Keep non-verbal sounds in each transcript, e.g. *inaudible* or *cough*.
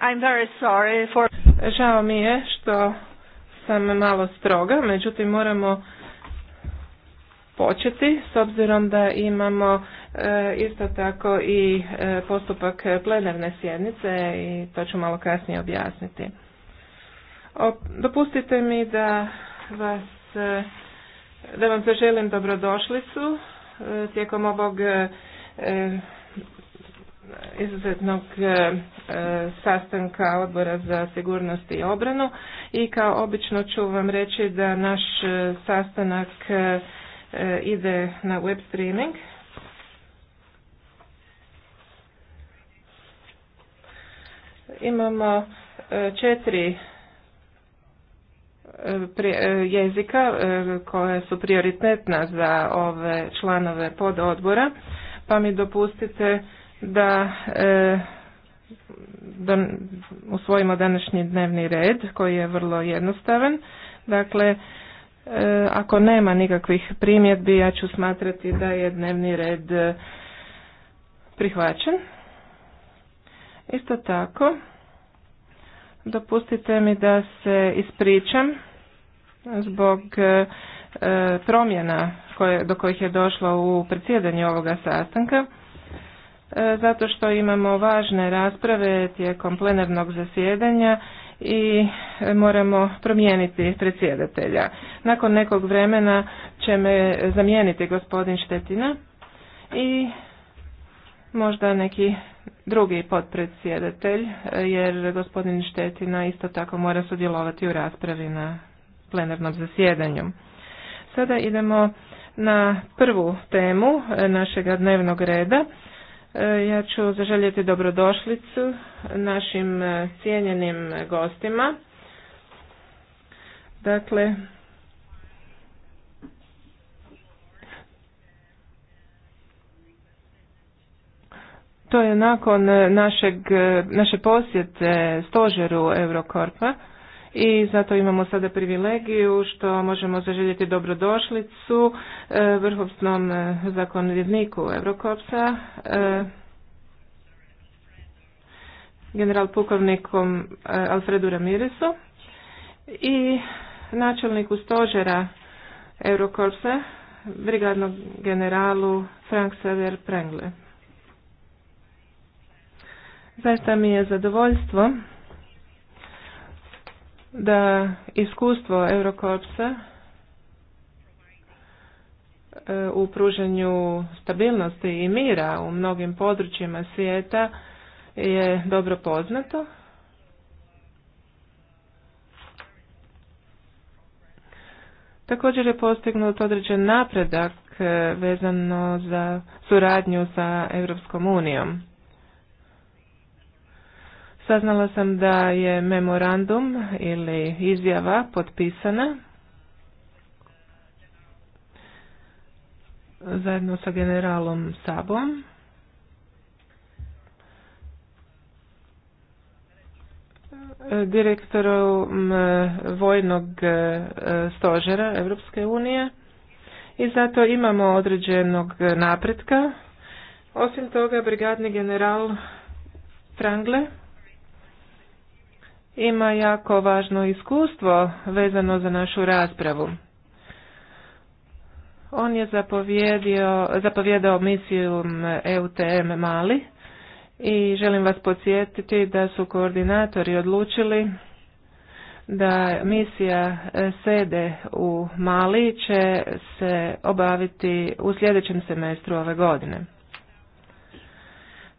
I'm Žao mi je što sam malo stroga, međutim moramo početi s obzirom da imamo eh, isto tako i eh, postupak plenarne sjednice i to ću malo kasnije objasniti. dopustite mi da vas eh, da vam zaželim dobrodošlicu tijekom ovog izuzetnog e, e, sastanka odbora za sigurnost i obranu i kao obično ću vam reći da naš e, sastanak ide na web streaming. Imamo četiri jezika koje su prioritetna za ove članove pododbora, pa mi dopustite da e, da usvojimo današnji dnevni red koji je vrlo jednostavan. Dakle, e, ako nema nikakvih primjedbi, ja ću smatrati da je dnevni red e, prihvaćen. Isto tako, dopustite mi da se ispričam zbog promjena do kojih je došlo u predsjedanju ovoga sastanka. E, zato što imamo važne rasprave tijekom plenarnog zasjedanja i e, moramo promijeniti predsjedatelja. Nakon nekog vremena će me zamijeniti gospodin Štetina i možda neki drugi potpredsjedatelj, e, jer gospodin Štetina isto tako mora sudjelovati u raspravi na plenarnom zasjedanju. Sada idemo na prvu temu našega dnevnog reda. E, ja ću zaželjeti dobrodošlicu našim e, cijenjenim gostima. Dakle, to je nakon e, našeg, naše posjete stožeru Eurokorpa i zato imamo sada privilegiju što možemo zaželjeti dobrodošlicu e, vrhovsnom e, zakonodavniku Eurokopsa e, general pukovnikom Alfredu Ramiresu i načelniku stožera Eurokorpsa, brigadnog generalu Frank Sever Prengle. Zaista mi je zadovoljstvo da iskustvo Eurokorpsa e, u pruženju stabilnosti i mira u mnogim područjima svijeta je dobro poznato. Također je postignut određen napredak e, vezano za suradnju sa Europskom unijom. Saznala sam da je memorandum ili izjava potpisana zajedno sa generalom Sabom. direktorom e, vojnog e, stožera Europske unije i zato imamo određenog napretka. Osim toga, brigadni general Frangle ima jako važno iskustvo vezano za našu raspravu. On je zapovjedao misiju EUTM mm, e Mali i želim vas podsjetiti da su koordinatori odlučili da misija e, sede u Mali će se obaviti u sljedećem semestru ove godine.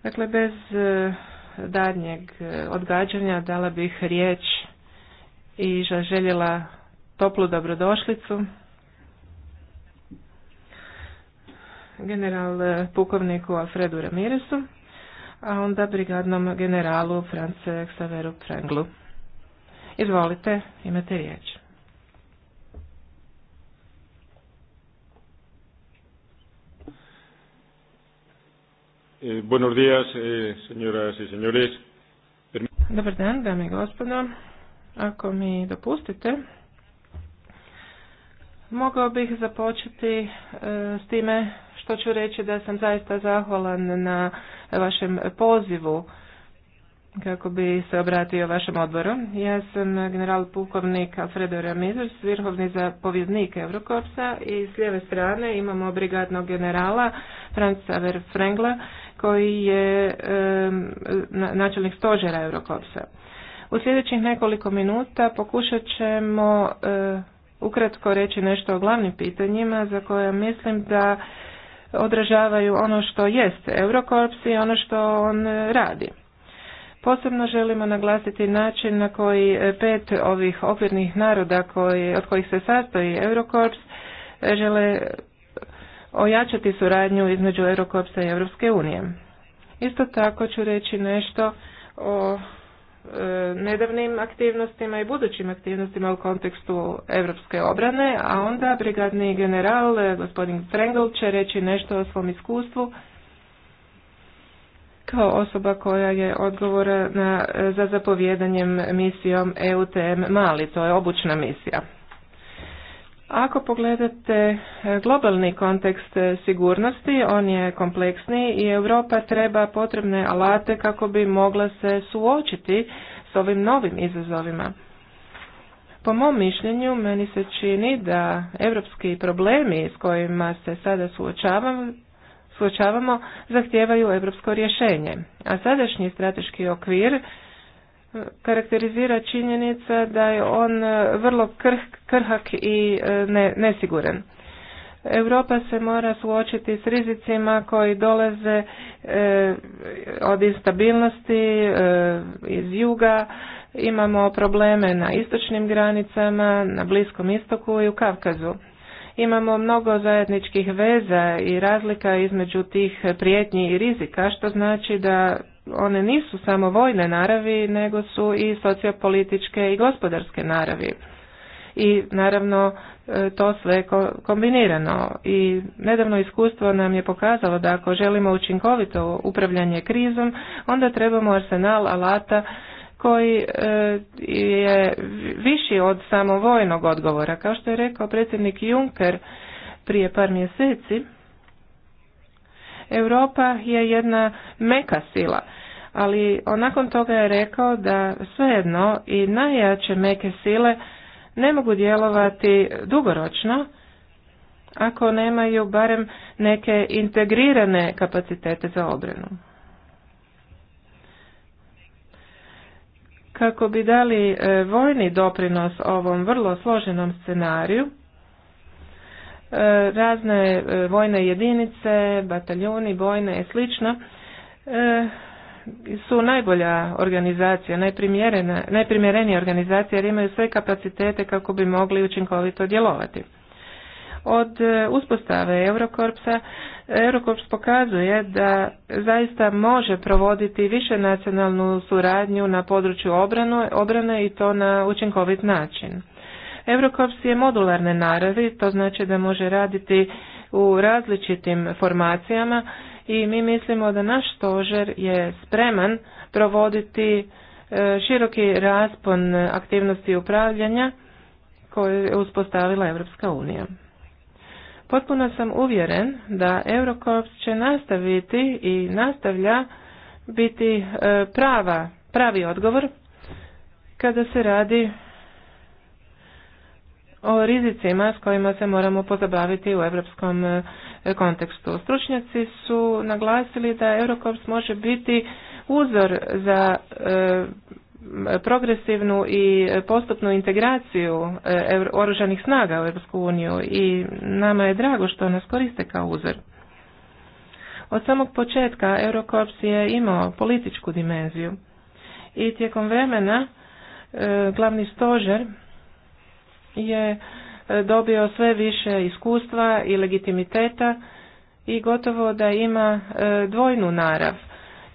Dakle, bez e, daljnjeg e, odgađanja dala bih riječ i željela toplu dobrodošlicu. general e, pukovniku Alfredu Ramiresu, a onda brigadnom generalu France Xaveru Prenglu. Izvolite, imate riječ. i eh, eh, señores. Dobar dan, dame i gospodo. Ako mi dopustite, mogao bih započeti eh, s time što ću reći da sam zaista zahvalan na vašem pozivu kako bi se obratio vašem odboru. Ja sam general pukovnik Alfredo Ramizers, vrhovni zapovjednik Eurokorpsa i s lijeve strane imamo brigadnog generala Franca Verfrengla koji je načelnik stožera Eurokopsa. U sljedećih nekoliko minuta pokušat ćemo eh, ukratko reći nešto o glavnim pitanjima za koje mislim da odražavaju ono što jest Eurokorps i ono što on eh, radi. Posebno želimo naglasiti način na koji eh, pet ovih okvirnih naroda koji, od kojih se sastoji Eurokorps žele ojačati suradnju između Eurokopsa i Europske unije. Isto tako ću reći nešto o e, nedavnim aktivnostima i budućim aktivnostima u kontekstu europske obrane, a onda brigadni general e, gospodin Frengel će reći nešto o svom iskustvu kao osoba koja je odgovorna e, za zapovjedanjem misijom EUTM Mali, to je obučna misija. Ako pogledate e, globalni kontekst e, sigurnosti, on je kompleksni i Europa treba potrebne alate kako bi mogla se suočiti s ovim novim izazovima. Po mom mišljenju, meni se čini da evropski problemi s kojima se sada suočavamo, zahtijevaju evropsko rješenje, a sadašnji strateški okvir karakterizira činjenica da je on e, vrlo krh, krhak i e, nesiguran. Europa se mora suočiti s rizicima koji dolaze e, od instabilnosti e, iz juga. Imamo probleme na istočnim granicama, na Bliskom istoku i u Kavkazu. Imamo mnogo zajedničkih veza i razlika između tih prijetnji i rizika, što znači da one nisu samo vojne naravi, nego su i sociopolitičke i gospodarske naravi. I naravno e, to sve kombinirano i nedavno iskustvo nam je pokazalo da ako želimo učinkovito upravljanje krizom, onda trebamo arsenal alata koji e, je viši od samo vojnog odgovora. Kao što je rekao predsjednik Juncker prije par mjeseci, Europa je jedna meka sila ali nakon toga je rekao da svejedno i najjače meke sile ne mogu djelovati dugoročno ako nemaju barem neke integrirane kapacitete za obranu. Kako bi dali e, vojni doprinos ovom vrlo složenom scenariju, e, razne e, vojne jedinice, bataljuni, bojne i slično, su najbolja organizacija, najprimjerenija organizacija jer imaju sve kapacitete kako bi mogli učinkovito djelovati. Od e, uspostave Eurokorpsa, Eurokorps pokazuje da zaista može provoditi više nacionalnu suradnju na području obrane, obrane i to na učinkovit način. Eurokorps je modularne naravi, to znači da može raditi u različitim formacijama i mi mislimo da naš stožer je spreman provoditi e, široki raspon aktivnosti upravljanja koje je uspostavila Europska unija. Potpuno sam uvjeren da Eurokorps će nastaviti i nastavlja biti e, prava, pravi odgovor kada se radi o rizicima s kojima se moramo pozabaviti u europskom e, E, kontekstu. Stručnjaci su naglasili da Eurokorps može biti uzor za e, progresivnu i postupnu integraciju e, oružanih snaga u Europsku uniju i nama je drago što nas koriste kao uzor. Od samog početka Eurokorps je imao političku dimenziju i tijekom vremena glavni stožer je dobio sve više iskustva i legitimiteta i gotovo da ima e, dvojnu narav.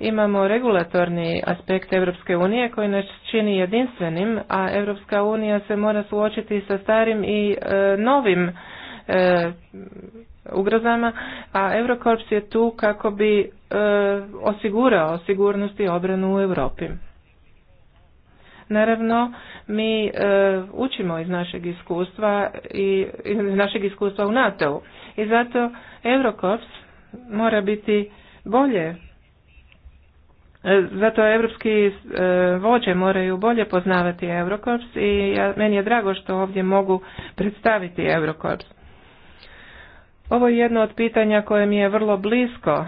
Imamo regulatorni aspekt Europske unije koji nas čini jedinstvenim, a Europska unija se mora suočiti sa starim i e, novim e, ugrozama, a Eurokorps je tu kako bi osigurao sigurnost i obranu u Europi. Naravno, mi e, učimo iz našeg iskustva i iz našeg iskustva u NATO-u. I zato Eurokorps mora biti bolje e, zato evropski e, vođe moraju bolje poznavati Eurokorps i ja, meni je drago što ovdje mogu predstaviti Eurokorps. Ovo je jedno od pitanja koje mi je vrlo blisko. E,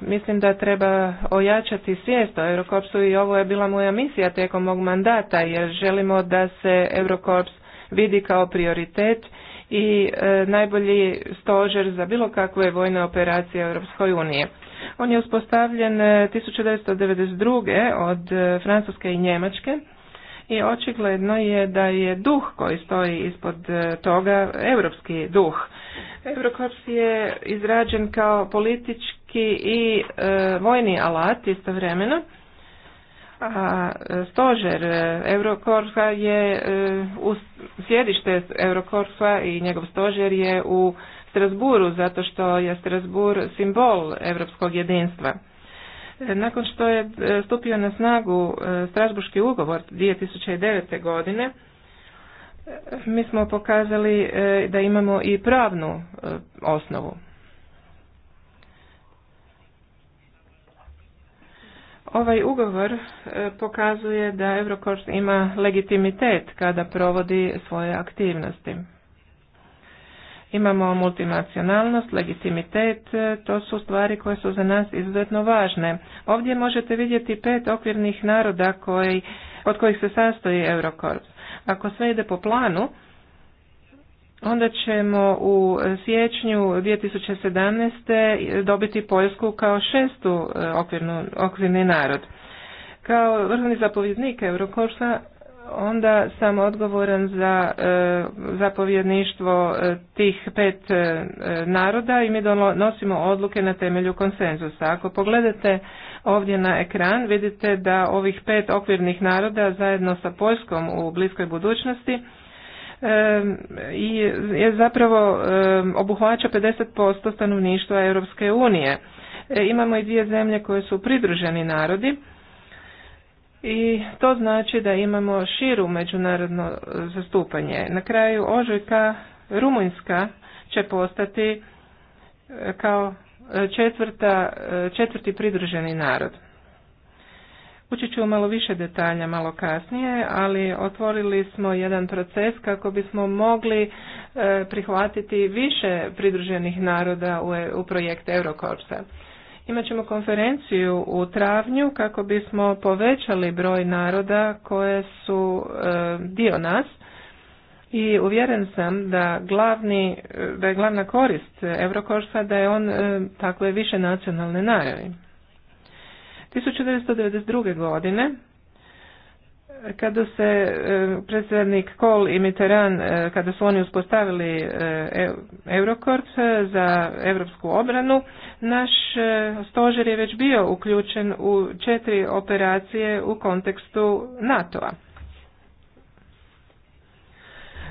mislim da treba ojačati svijest o Eurokorpsu i ovo je bila moja misija tijekom mog mandata jer želimo da se Eurokorps vidi kao prioritet i e, najbolji stožer za bilo kakve vojne operacije Europskoj unije. On je uspostavljen 1992. E, od Francuske i Njemačke i očigledno je da je duh koji stoji ispod toga europski duh Eurokorps je izrađen kao politički i e, vojni alat istovremeno a e, stožer e, Eurokorfa je u sjedište Eurokorfa i njegov stožer je u Strasburu zato što je Strasbur simbol europskog jedinstva. Nakon što je stupio na snagu Strasburski ugovor 2009. godine, mi smo pokazali e, da imamo i pravnu e, osnovu. Ovaj ugovor e, pokazuje da Eurokors ima legitimitet kada provodi svoje aktivnosti. Imamo multinacionalnost, legitimitet, to su stvari koje su za nas izuzetno važne. Ovdje možete vidjeti pet okvirnih naroda koji, od kojih se sastoji Eurokorps. Ako sve ide po planu, onda ćemo u siječnju 2017. dobiti Poljsku kao šestu e, okvirnu, okvirni narod. Kao vrhovni zapovjednik Eurokorsa onda sam odgovoran za e, zapovjedništvo e, tih pet naroda i mi donosimo odluke na temelju konsenzusa. Ako pogledate Ovdje na ekran vidite da ovih pet okvirnih naroda zajedno sa Poljskom u bliskoj budućnosti i je zapravo obuhvaća 50% stanovništva Europske unije. E, imamo i dvije zemlje koje su pridruženi narodi i to znači da imamo širu međunarodno zastupanje. Na kraju ožujka Rumunjska će postati e, kao četvrta, četvrti pridruženi narod. Ući ću malo više detalja malo kasnije, ali otvorili smo jedan proces kako bismo mogli e, prihvatiti više pridruženih naroda u projekt Eurokorpsa. Imaćemo konferenciju u travnju kako bismo povećali broj naroda koje su e, dio nas i uvjeren sam da, glavni, da je glavna korist Eurokorsa da je on e, takve više nacionalne naravi. 1992. godine kada se e, predsjednik Kohl i Mitterrand, e, kada su oni uspostavili Eurokort za europsku obranu, naš stožer je već bio uključen u četiri operacije u kontekstu NATO-a.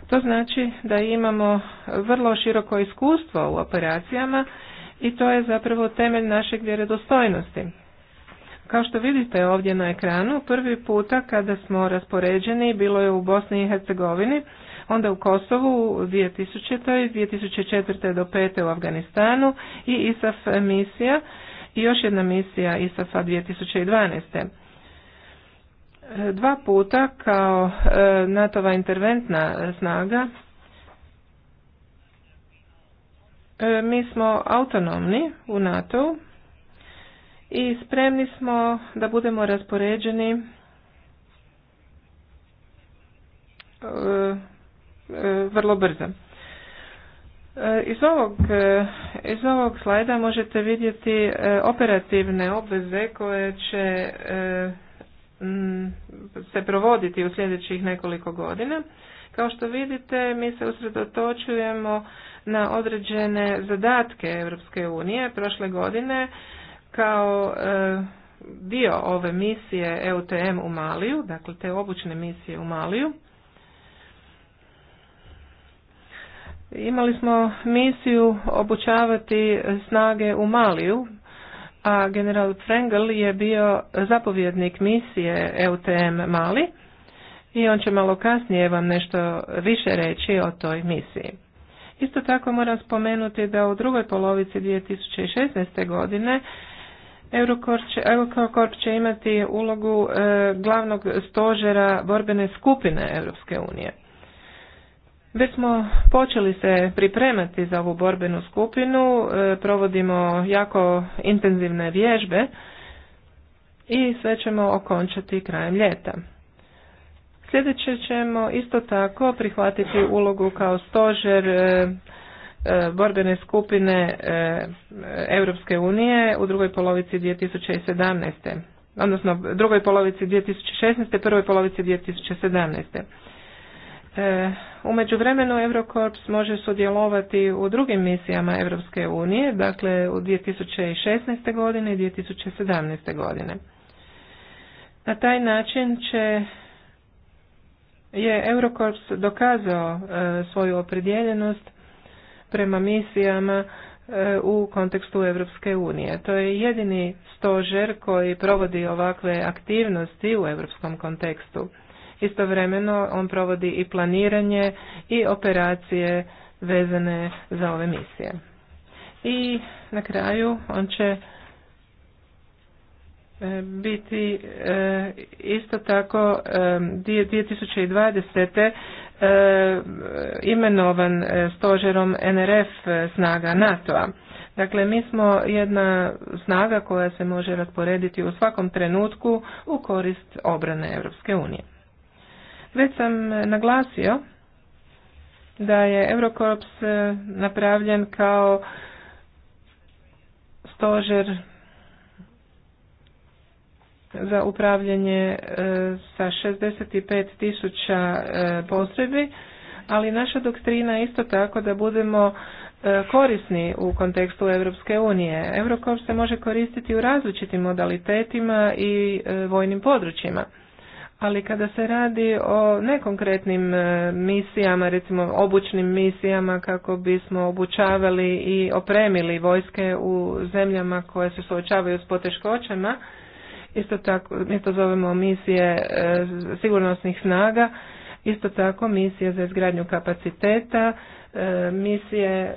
To znači da imamo vrlo široko iskustvo u operacijama i to je zapravo temelj našeg vjerodostojnosti. Kao što vidite ovdje na ekranu, prvi puta kada smo raspoređeni bilo je u Bosni i Hercegovini, onda u Kosovu u 2000. 2004. do pet u Afganistanu i ISAF misija i još jedna misija ISAF-a 2012. Dva puta kao e, NATO-va interventna snaga e, mi smo autonomni u nato i spremni smo da budemo raspoređeni e, vrlo brzo. Iz ovog, iz ovog slajda možete vidjeti operativne obveze koje će Mm, se provoditi u sljedećih nekoliko godina. Kao što vidite, mi se usredotočujemo na određene zadatke Europske unije. Prošle godine kao e, dio ove misije EUTM u Maliju, dakle te obučne misije u Maliju, Imali smo misiju obučavati snage u Maliju a general Frengel je bio zapovjednik misije EUTM Mali i on će malo kasnije vam nešto više reći o toj misiji. Isto tako moram spomenuti da u drugoj polovici 2016. godine Eurokorp će imati ulogu e, glavnog stožera borbene skupine Europske unije. Već smo počeli se pripremati za ovu borbenu skupinu, e, provodimo jako intenzivne vježbe i sve ćemo okončati krajem ljeta. Sljedeće ćemo isto tako prihvatiti ulogu kao stožer e, e, borbene skupine Europske unije u drugoj polovici 2017. odnosno drugoj polovici 2016. prvoj polovici 2017. E, u međuvremenu Eurokorps može sudjelovati u drugim misijama Europske unije, dakle u 2016. godine i 2017. godine. Na taj način će je Eurokorps dokazao e, svoju opredjeljenost prema misijama e, u kontekstu Europske unije. To je jedini stožer koji provodi ovakve aktivnosti u europskom kontekstu. Istovremeno on provodi i planiranje i operacije vezane za ove misije. I na kraju on će e, biti e, isto tako 2020. E, imenovan stožerom NRF snaga NATO-a. Dakle, mi smo jedna snaga koja se može rasporediti u svakom trenutku u korist obrane Europske unije. Već sam naglasio da je Eurokorps e, napravljen kao stožer za upravljanje e, sa 65 tisuća e, postrebi ali naša doktrina je isto tako da budemo korisni u kontekstu Europske unije. Eurokorps se može koristiti u različitim modalitetima i vojnim područjima ali kada se radi o nekonkretnim e, misijama, recimo obučnim misijama kako bismo obučavali i opremili vojske u zemljama koje se suočavaju s poteškoćama, isto tako, mi to zovemo misije e, sigurnosnih snaga, isto tako misije za izgradnju kapaciteta, e, misije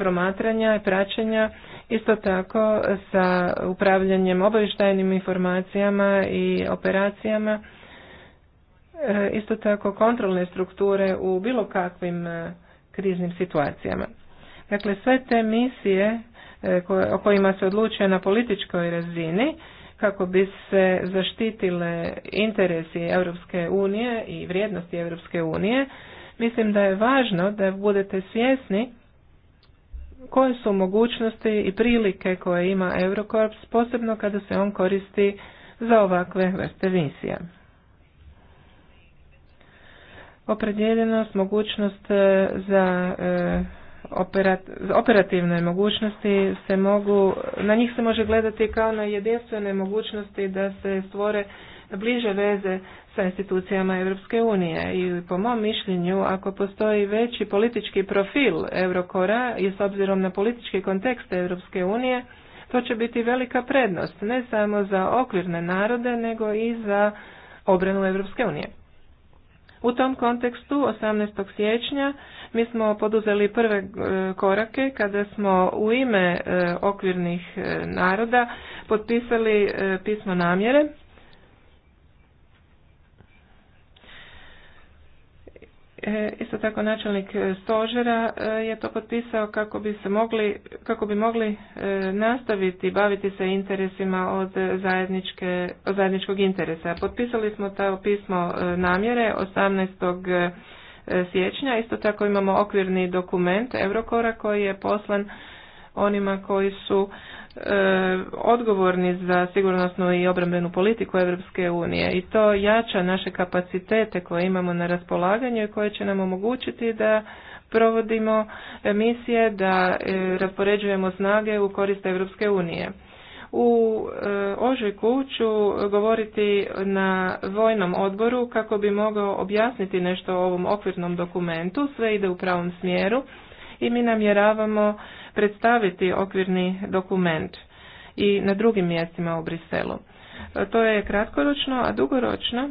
promatranja i praćenja, isto tako sa upravljanjem obavještajnim informacijama i operacijama, e, isto tako kontrolne strukture u bilo kakvim e, kriznim situacijama. Dakle, sve te misije e, o kojima se odlučuje na političkoj razini kako bi se zaštitile interesi Europske unije i vrijednosti Europske unije, mislim da je važno da budete svjesni koje su mogućnosti i prilike koje ima Eurokorps, posebno kada se on koristi za ovakve vrste misija. Opredjeljenost, mogućnost e, e, za operativne mogućnosti se mogu, na njih se može gledati kao na jedinstvene mogućnosti da se stvore bliže veze sa institucijama Europske unije i po mom mišljenju ako postoji veći politički profil Eurokora i s obzirom na politički kontekst Europske unije to će biti velika prednost ne samo za okvirne narode nego i za obranu Europske unije. U tom kontekstu 18. siječnja mi smo poduzeli prve e, korake kada smo u ime e, okvirnih e, naroda potpisali pismo namjere E, isto tako načelnik e, stožera e, je to potpisao kako bi se mogli, kako bi mogli nastaviti baviti se interesima od zajedničke, od zajedničkog interesa. Potpisali smo to pismo namjere 18. siječnja. Isto tako imamo okvirni dokument Eurokora koji je poslan onima koji su E, odgovorni za sigurnosnu i obrambenu politiku Europske unije i to jača naše kapacitete koje imamo na raspolaganju i koje će nam omogućiti da provodimo misije, da e, raspoređujemo snage u korist Europske unije. U e, ožujku ću govoriti na vojnom odboru kako bi mogao objasniti nešto o ovom okvirnom dokumentu. Sve ide u pravom smjeru i mi namjeravamo predstaviti okvirni dokument i na drugim mjestima u Briselu. E, to je kratkoročno, a dugoročno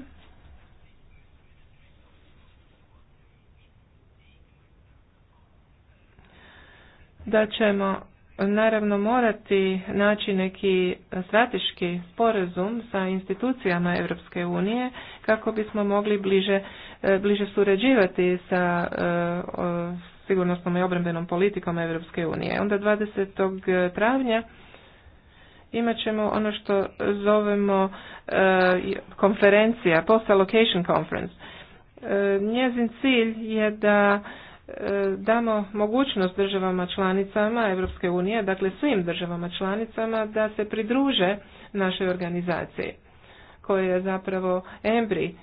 da ćemo naravno morati naći neki strateški sporazum sa institucijama Europske unije kako bismo mogli bliže, e, bliže surađivati sa e, sigurnosnom i obrambenom politikom Europske unije. Onda 20. E, travnja imat ćemo ono što zovemo e, konferencija, Post Allocation Conference. E, njezin cilj je da damo mogućnost državama članicama Europske unije, dakle svim državama članicama da se pridruže našoj organizaciji koja je zapravo embri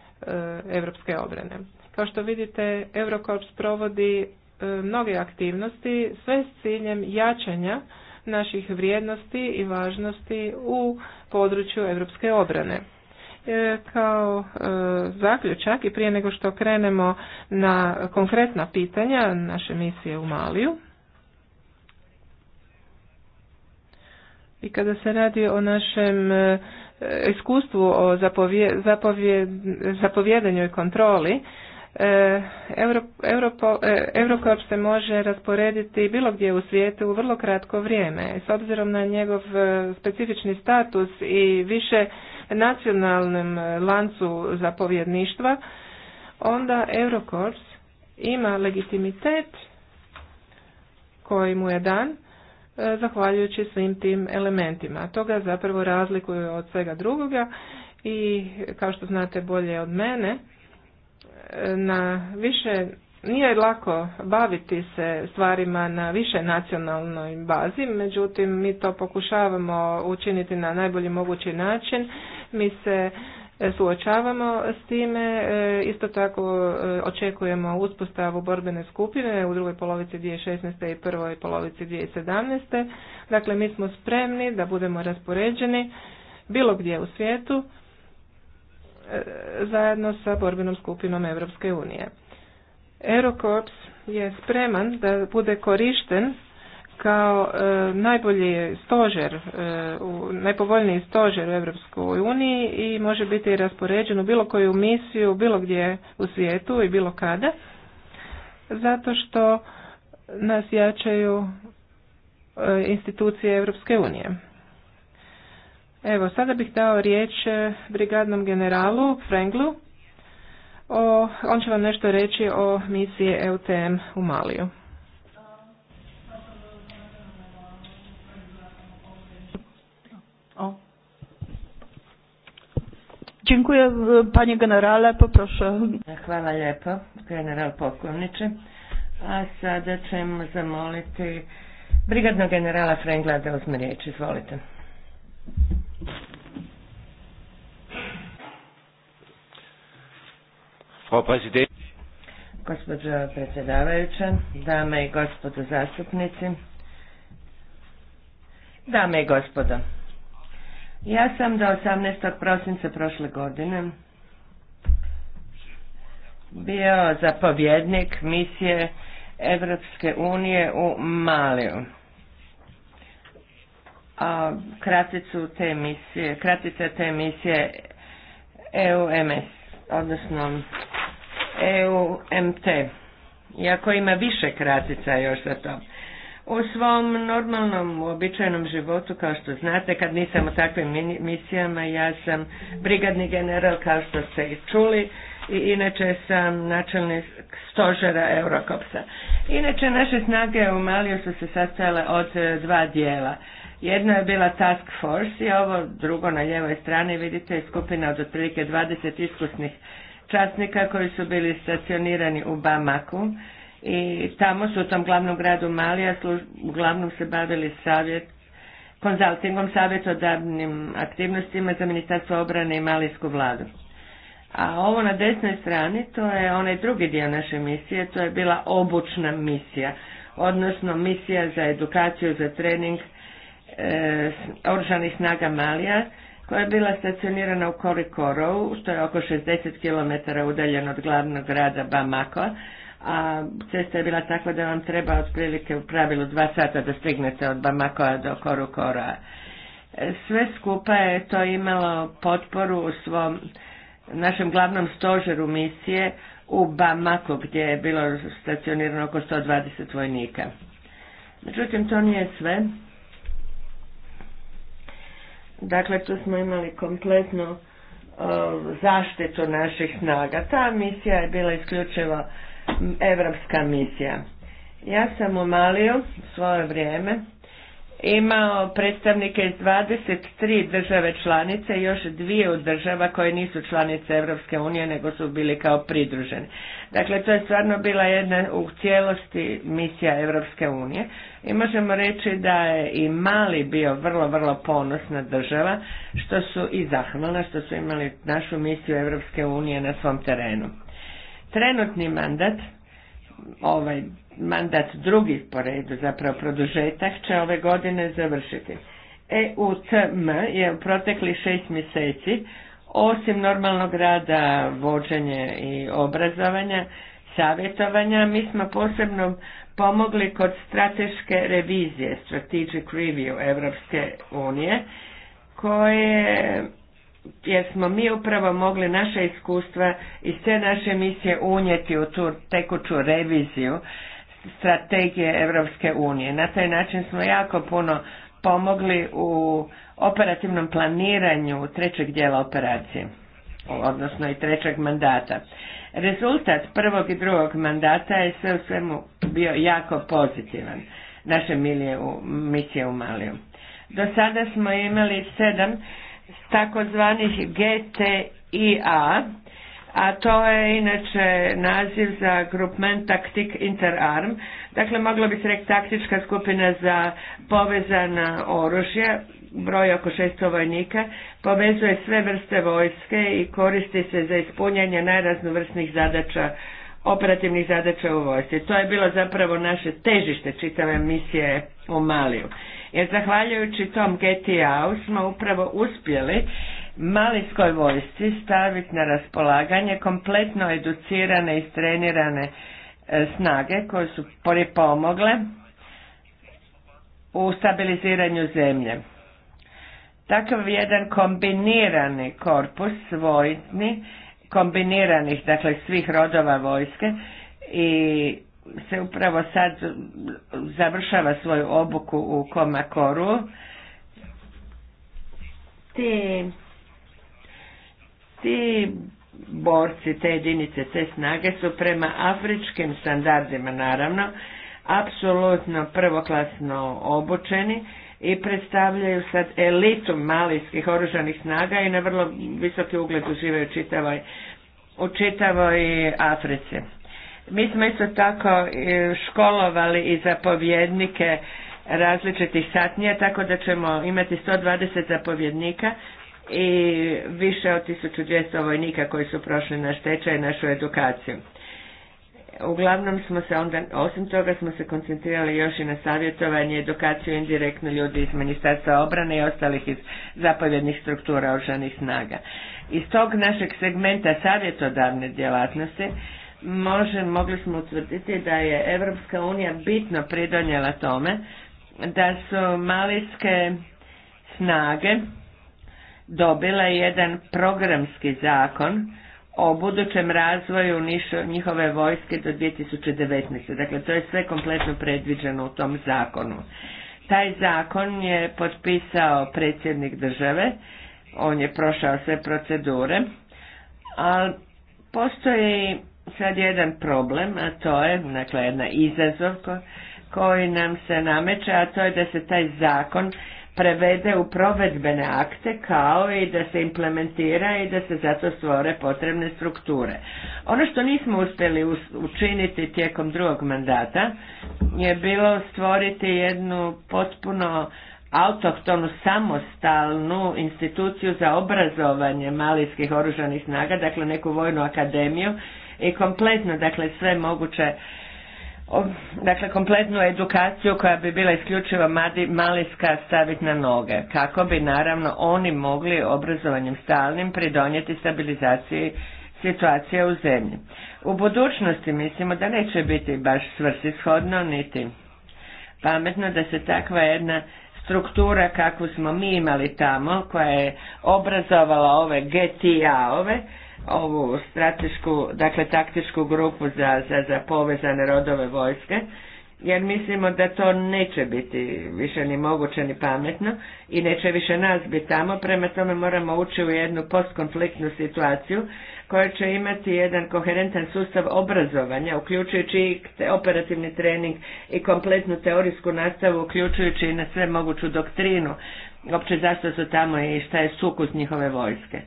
europske obrane. Kao što vidite, Eurokorps provodi E, mnoge aktivnosti sve s ciljem jačanja naših vrijednosti i važnosti u području europske obrane. E, kao e, zaključak i prije nego što krenemo na konkretna pitanja naše misije u Maliju, i kada se radi o našem iskustvu o zapovjedanju i kontroli, E, Eurokorps e, se može rasporediti bilo gdje u svijetu u vrlo kratko vrijeme. S obzirom na njegov e, specifični status i više nacionalnom lancu zapovjedništva, onda Eurokorps ima legitimitet koji mu je dan zahvaljujući svim tim elementima. Toga ga zapravo razlikuje od svega drugoga i kao što znate bolje od mene, na više nije lako baviti se stvarima na više nacionalnoj bazi, međutim mi to pokušavamo učiniti na najbolji mogući način. Mi se e, suočavamo s time, e, isto tako e, očekujemo uspostavu borbene skupine u drugoj polovici 2016. i prvoj polovici 2017. Dakle, mi smo spremni da budemo raspoređeni bilo gdje u svijetu E, zajedno sa borbenom skupinom Europske unije. Eurokorps je spreman da bude korišten kao e, najbolji stožer, e, u, najpovoljniji stožer u Evropskoj uniji i može biti raspoređen u bilo koju misiju, bilo gdje u svijetu i bilo kada, zato što nas jačaju institucije Europske unije. Evo, sada bih dao riječ e, brigadnom generalu Frenglu. O, on će vam nešto reći o misiji EUTM u Maliju. Dziękuję panie generale, poproszę. Hvala lijepo, general Pokovniče. A sada ćemo zamoliti brigadnog generala Frengla da uzme riječ. Izvolite. Frau Gospođo predsjedavajuća, dame i gospodo zastupnici, dame i gospodo, ja sam do 18. prosinca prošle godine bio zapovjednik misije Evropske unije u Maliju. A kraticu te misije, kratica te misije EUMS odnosno EUMT, iako ima više kratica još za to. U svom normalnom, uobičajenom životu, kao što znate, kad nisam u takvim misijama, ja sam brigadni general, kao što ste i čuli, i inače sam načelnik stožera Eurokopsa. Inače, naše snage u Maliju su se sastojale od e, dva dijela. Jedno je bila task force i ovo drugo na ljevoj strani vidite je skupina od otprilike 20 iskusnih časnika koji su bili stacionirani u Bamaku i tamo su u tom glavnom gradu Malija uglavnom se bavili savjet, konzultingom, savjetodavnim aktivnostima za ministarstvo obrane i malijsku vladu. A ovo na desnoj strani, to je onaj drugi dio naše misije, to je bila obučna misija, odnosno misija za edukaciju, za trening Eh, oružanih snaga Malija koja je bila stacionirana u Korikorovu, što je oko 60 km udaljen od glavnog grada Bamako, a cesta je bila takva da vam treba otprilike u pravilu dva sata da stignete od Bamakoa do Korukora. Sve skupa je to imalo potporu u svom našem glavnom stožeru misije u Bamako gdje je bilo stacionirano oko 120 vojnika. Međutim, to nije sve. Dakle, tu smo imali kompletnu uh, zaštitu naših snaga. Ta misija je bila isključivo evropska misija. Ja sam u Maliju svoje vrijeme imao predstavnike iz 23 države članice i još dvije od država koje nisu članice Europske unije nego su bili kao pridruženi. Dakle, to je stvarno bila jedna u cijelosti misija Europske unije i možemo reći da je i Mali bio vrlo, vrlo ponosna država što su i zahvalna što su imali našu misiju Europske unije na svom terenu. Trenutni mandat ovaj mandat drugi po redu, zapravo produžetak, će ove godine završiti. EUCM je u protekli šest mjeseci, osim normalnog rada vođenje i obrazovanja, savjetovanja, mi smo posebno pomogli kod strateške revizije, strategic review Evropske unije, koje jer smo mi upravo mogli naša iskustva i sve naše misije unijeti u tu tekuću reviziju strategije Europske unije. Na taj način smo jako puno pomogli u operativnom planiranju trećeg dijela operacije, odnosno i trećeg mandata. Rezultat prvog i drugog mandata je sve u svemu bio jako pozitivan, naše milije u, misije u Maliju. Do sada smo imali sedam takozvanih GTIA, a to je inače naziv za grupment taktik interarm, dakle moglo bi se reći taktička skupina za povezana oružja, broj oko 600 vojnika, povezuje sve vrste vojske i koristi se za ispunjanje najraznovrsnih zadaća operativnih zadaća u vojsci. To je bilo zapravo naše težište čitave misije u Maliju. Jer zahvaljujući tom GTA-u smo upravo uspjeli malijskoj vojsci staviti na raspolaganje kompletno educirane i trenirane e, snage koje su pripomogle u stabiliziranju zemlje. Takav jedan kombinirani korpus vojni, kombiniranih, dakle svih rodova vojske i se upravo sad završava svoju obuku u Komakoru. Ti ti borci, te jedinice, te snage su prema afričkim standardima naravno apsolutno prvoklasno obučeni i predstavljaju sad elitu malijskih oružanih snaga i na vrlo visoki ugled uživaju čitavoj, u čitavoj Africi. Mi smo isto tako e, školovali i zapovjednike različitih satnija, tako da ćemo imati 120 zapovjednika i više od 1200 vojnika koji su prošli naš tečaj, našu edukaciju. Uglavnom smo se onda, osim toga smo se koncentrirali još i na savjetovanje, edukaciju indirektno ljudi iz Ministarstva obrane i ostalih iz zapovjednih struktura oružanih snaga. Iz tog našeg segmenta savjetodavne djelatnosti mogli smo utvrditi da je Evropska unija bitno pridonjela tome da su malijske snage dobila jedan programski zakon o budućem razvoju njihove vojske do 2019. Dakle, to je sve kompletno predviđeno u tom zakonu. Taj zakon je potpisao predsjednik države, on je prošao sve procedure, ali postoji sad jedan problem, a to je, dakle, jedna izazov koji nam se nameće, a to je da se taj zakon prevede u provedbene akte kao i da se implementira i da se zato stvore potrebne strukture. Ono što nismo uspjeli učiniti tijekom drugog mandata je bilo stvoriti jednu potpuno autohtonu samostalnu instituciju za obrazovanje malijskih oružanih snaga, dakle neku vojnu akademiju i kompletno dakle sve moguće dakle kompletnu edukaciju koja bi bila isključiva malinska staviti na noge, kako bi naravno oni mogli obrazovanjem stalnim pridonijeti stabilizaciji situacije u zemlji. U budućnosti mislimo da neće biti baš svrsishodno niti pametno da se takva jedna struktura kakvu smo mi imali tamo koja je obrazovala ove GTA-ove ovu stratešku, dakle taktičku grupu za, za, za povezane rodove vojske, jer mislimo da to neće biti više ni moguće ni pametno i neće više nas biti tamo, prema tome moramo ući u jednu postkonfliktnu situaciju koja će imati jedan koherentan sustav obrazovanja, uključujući i operativni trening i kompletnu teorijsku nastavu, uključujući i na sve moguću doktrinu, opće zašto su tamo i šta je sukus njihove vojske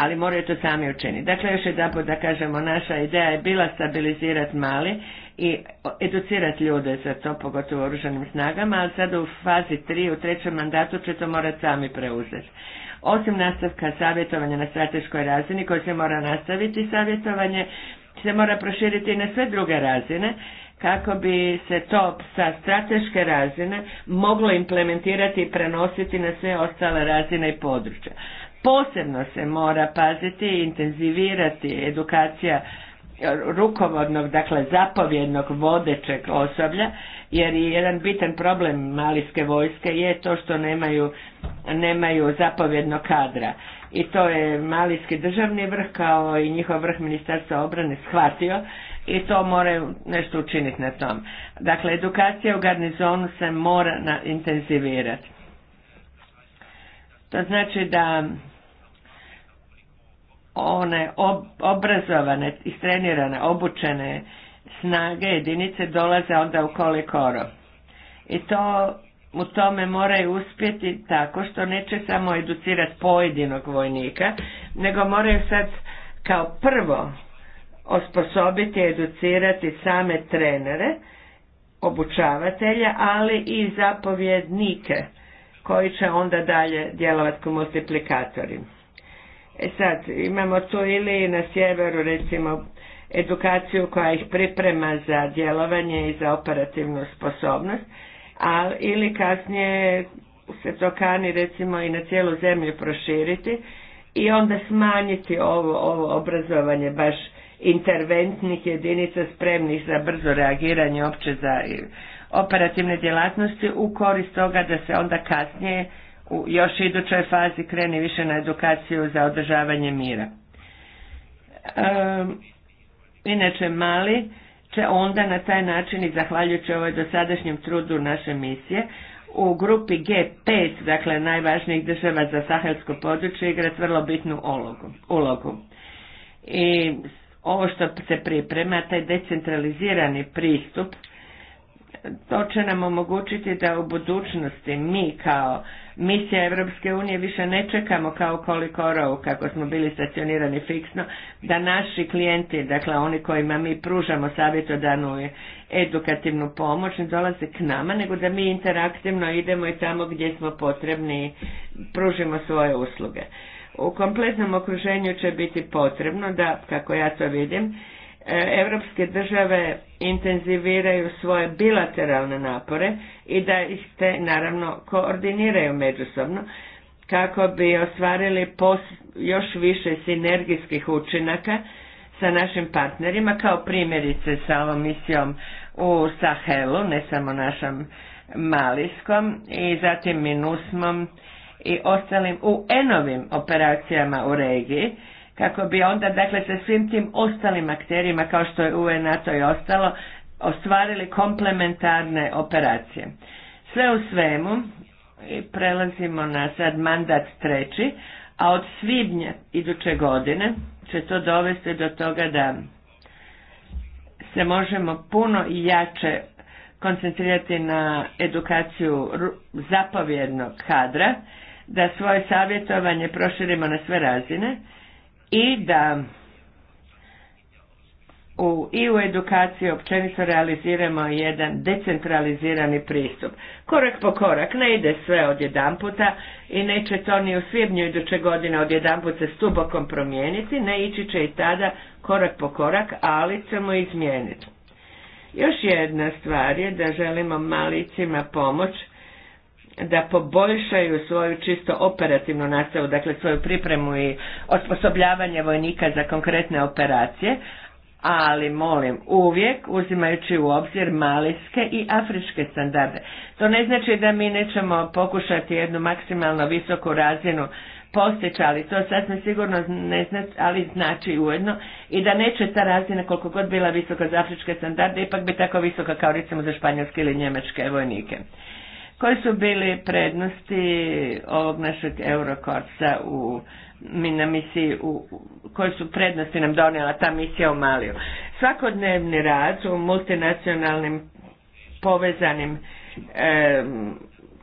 ali moraju to sami učiniti. Dakle, još put da kažemo, naša ideja je bila stabilizirati mali i educirati ljude za to, pogotovo u oružanim snagama, ali sada u fazi 3, u trećem mandatu će to morati sami preuzeti. Osim nastavka savjetovanja na strateškoj razini, koje se mora nastaviti, savjetovanje se mora proširiti i na sve druge razine, kako bi se to sa strateške razine moglo implementirati i prenositi na sve ostale razine i područja. Posebno se mora paziti i intenzivirati edukacija rukovodnog, dakle zapovjednog vodećeg osoblja, jer jedan bitan problem malijske vojske je to što nemaju, nemaju zapovjednog kadra. I to je malijski državni vrh kao i njihov vrh ministarstva obrane shvatio i to moraju nešto učiniti na tom. Dakle, edukacija u garnizonu se mora intenzivirati. To znači da one obrazovane, obrazovane, istrenirane, obučene snage jedinice dolaze onda u kolikoro. I to u tome moraju uspjeti tako što neće samo educirati pojedinog vojnika, nego moraju sad kao prvo osposobiti i educirati same trenere, obučavatelja, ali i zapovjednike koji će onda dalje djelovati kao multiplikatori. E sad, imamo tu ili na sjeveru recimo edukaciju koja ih priprema za djelovanje i za operativnu sposobnost, a, ili kasnije se to kani recimo i na cijelu zemlju proširiti i onda smanjiti ovo, ovo obrazovanje baš interventnih jedinica spremnih za brzo reagiranje opće za operativne djelatnosti u korist toga da se onda kasnije u još idućoj fazi kreni više na edukaciju za održavanje mira. inače mali će onda na taj način i zahvaljujući ovoj dosadašnjem trudu naše misije u grupi G5, dakle najvažnijih država za sahelsko područje, igrati vrlo bitnu ulogu. ulogu. I ovo što se priprema, taj decentralizirani pristup, to će nam omogućiti da u budućnosti mi kao misija Europske unije više ne čekamo kao koliko kako smo bili stacionirani fiksno, da naši klijenti, dakle oni kojima mi pružamo savjetodanu edukativnu pomoć, ne dolaze k nama, nego da mi interaktivno idemo i tamo gdje smo potrebni i pružimo svoje usluge. U kompletnom okruženju će biti potrebno da, kako ja to vidim, e, Evropske države intenziviraju svoje bilateralne napore i da ih te naravno koordiniraju međusobno kako bi ostvarili još više sinergijskih učinaka sa našim partnerima kao primjerice sa ovom misijom u Sahelu, ne samo našom Maliskom i zatim Minusmom i ostalim u Enovim operacijama u regiji kako bi onda dakle sa svim tim ostalim akterima kao što je UN, NATO i ostalo ostvarili komplementarne operacije. Sve u svemu i prelazimo na sad mandat treći, a od svibnja iduće godine će to dovesti do toga da se možemo puno i jače koncentrirati na edukaciju zapovjednog kadra, da svoje savjetovanje proširimo na sve razine i da u, i u edukaciji općenito realiziramo jedan decentralizirani pristup. Korak po korak, ne ide sve odjedanputa puta i neće to ni u svibnju iduće godine odjedanput put se stubokom promijeniti, ne ići će i tada korak po korak, ali ćemo izmijeniti. Još jedna stvar je da želimo malicima pomoć da poboljšaju svoju čisto operativnu nastavu, dakle svoju pripremu i osposobljavanje vojnika za konkretne operacije, ali molim uvijek uzimajući u obzir maliske i afričke standarde. To ne znači da mi nećemo pokušati jednu maksimalno visoku razinu postići, ali to sasvim sigurno ne znači, ali znači ujedno i da neće ta razina koliko god bila visoka za afričke standarde, ipak bi tako visoka kao recimo za španjolske ili njemačke vojnike. Koji su bili prednosti ovog našeg Eurokorsa u na misiji u, koje su prednosti nam donijela ta misija u Maliju. Svakodnevni rad u multinacionalnim povezanim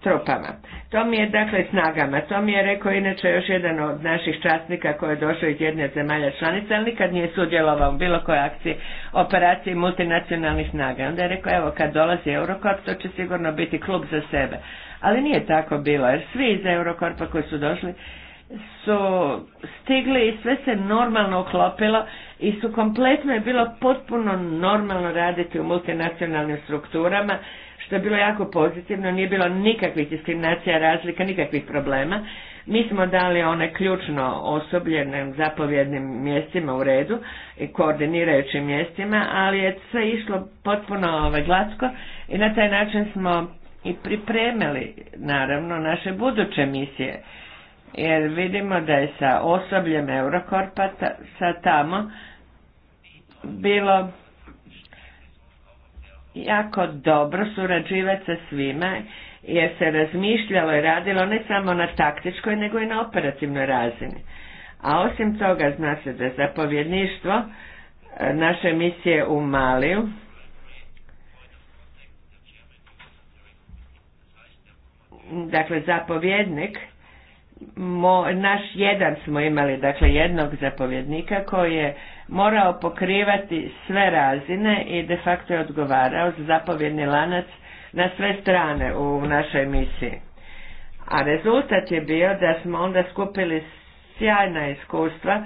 tropama. To mi je dakle snagama, to mi je rekao inače još jedan od naših časnika koji je došao iz jedne zemalja članica, ali nikad nije sudjelovao u bilo kojoj akciji operaciji multinacionalnih snaga. Onda je rekao evo kad dolazi Eurokorp to će sigurno biti klub za sebe. Ali nije tako bilo jer svi iz Eurokorpa koji su došli su stigli i sve se normalno uklopilo i su kompletno je bilo potpuno normalno raditi u multinacionalnim strukturama što je bilo jako pozitivno, nije bilo nikakvih diskriminacija, razlika, nikakvih problema. Mi smo dali one ključno osobljenim zapovjednim mjestima u redu i koordinirajućim mjestima, ali je sve išlo potpuno ovaj, glatko i na taj način smo i pripremili naravno naše buduće misije jer vidimo da je sa osobljem Eurokorpa sa tamo bilo jako dobro surađivati sa svima jer se razmišljalo i radilo ne samo na taktičkoj nego i na operativnoj razini. A osim toga zna se da zapovjedništvo e, naše misije u Maliju dakle zapovjednik mo, naš jedan smo imali, dakle jednog zapovjednika koji je morao pokrivati sve razine i de facto je odgovarao za zapovjedni lanac na sve strane u našoj misiji. A rezultat je bio da smo onda skupili sjajna iskustva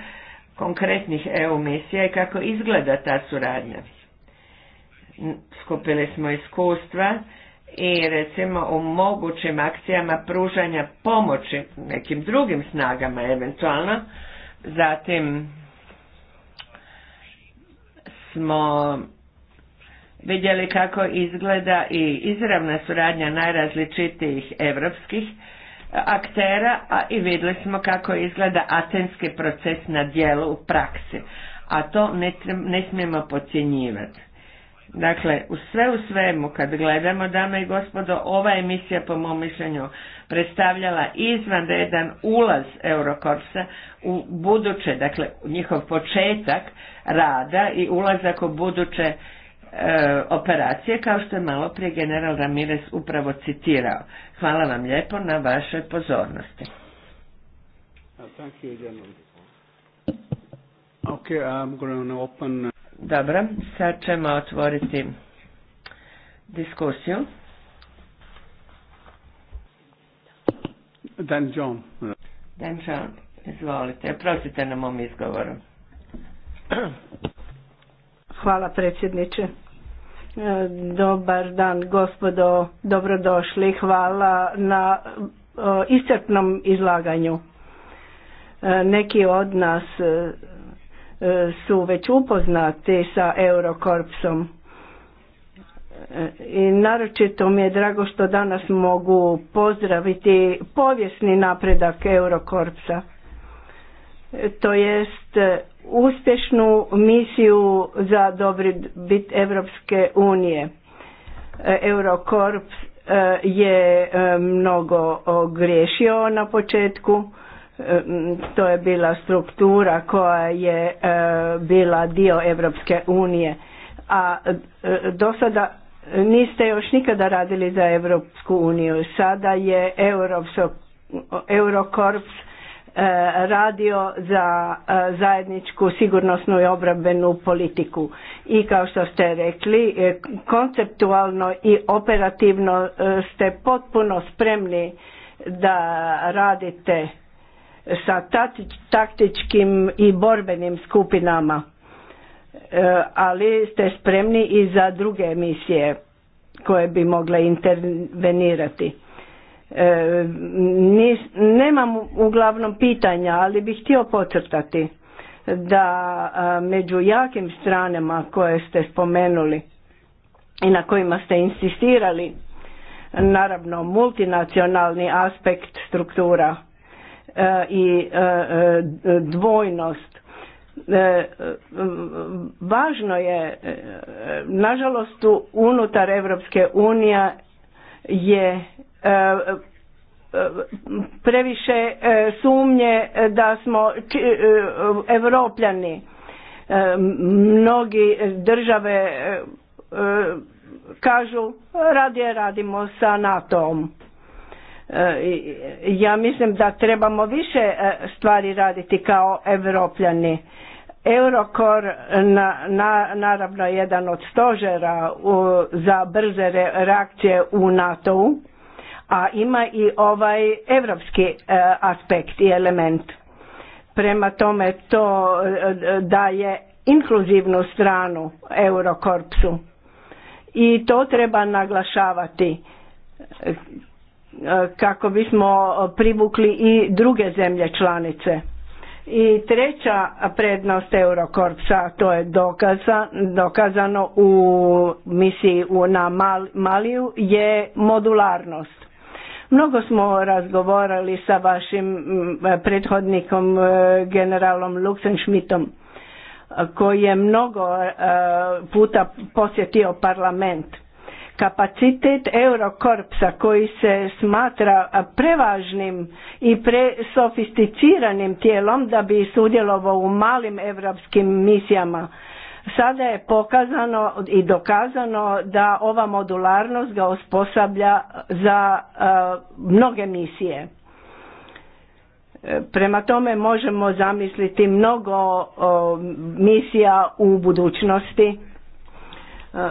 konkretnih EU misija i kako izgleda ta suradnja. Skupili smo iskustva i recimo u mogućim akcijama pružanja pomoći nekim drugim snagama eventualno. Zatim smo vidjeli kako izgleda i izravna suradnja najrazličitijih evropskih aktera, a i vidjeli smo kako izgleda atenski proces na dijelu u praksi, a to ne, ne smijemo pocijenjivati. Dakle, u sve u svemu, kad gledamo, dame i gospodo, ova emisija, po mom mišljenju, predstavljala izvanredan ulaz Eurokorpsa u buduće, dakle, njihov početak rada i ulazak u buduće e, operacije, kao što je malo prije general Ramirez upravo citirao. Hvala vam lijepo na vašoj pozornosti. Uh, okay, I'm going to open uh, dobro, sad ćemo otvoriti diskusiju. Dan John. Dan John, izvolite. Prosite na mom izgovoru. Hvala predsjedniče. E, dobar dan gospodo, dobrodošli. Hvala na e, iscrpnom izlaganju. E, neki od nas E, su već upoznati sa Eurokorpsom e, i naročito mi je drago što danas mogu pozdraviti povijesni napredak Eurokorpsa. E, to jest uspješnu misiju za dobri bit Evropske unije. Eurokorps je mnogo griješio na početku to je bila struktura koja je e, bila dio Europske unije a e, do sada niste još nikada radili za Europsku uniju sada je Eurokorps e, radio za zajedničku sigurnosnu i obrambenu politiku i kao što ste rekli konceptualno i operativno ste potpuno spremni da radite sa taktičkim i borbenim skupinama, e, ali ste spremni i za druge emisije koje bi mogle intervenirati. E, nemam uglavnom pitanja, ali bih htio pocrtati da e, među jakim stranama koje ste spomenuli i na kojima ste insistirali, naravno multinacionalni aspekt struktura E, i e, e, dvojnost. Važno je, nažalost, unutar Evropske unije je previše sumnje da smo evropljani. Mnogi države kažu radije radimo sa NATO-om. Ja mislim da trebamo više e, stvari raditi kao evropljani. Eurokor na, na, naravno jedan od stožera u, za brze reakcije u NATO-u, a ima i ovaj evropski e, aspekt i element. Prema tome to e, daje inkluzivnu stranu Eurokorpsu i to treba naglašavati E, kako bismo privukli i druge zemlje članice. I treća prednost Eurokorpsa, to je dokaza, dokazano u misiji na Maliju, je modularnost. Mnogo smo razgovarali sa vašim prethodnikom, e, generalom Luxenschmittom koji je mnogo e, puta posjetio parlament Kapacitet Eurokorpsa koji se smatra prevažnim i presofisticiranim tijelom da bi sudjelovao u malim europskim misijama sada je pokazano i dokazano da ova modularnost ga osposablja za mnoge misije. Prema tome možemo zamisliti mnogo misija u budućnosti E, e,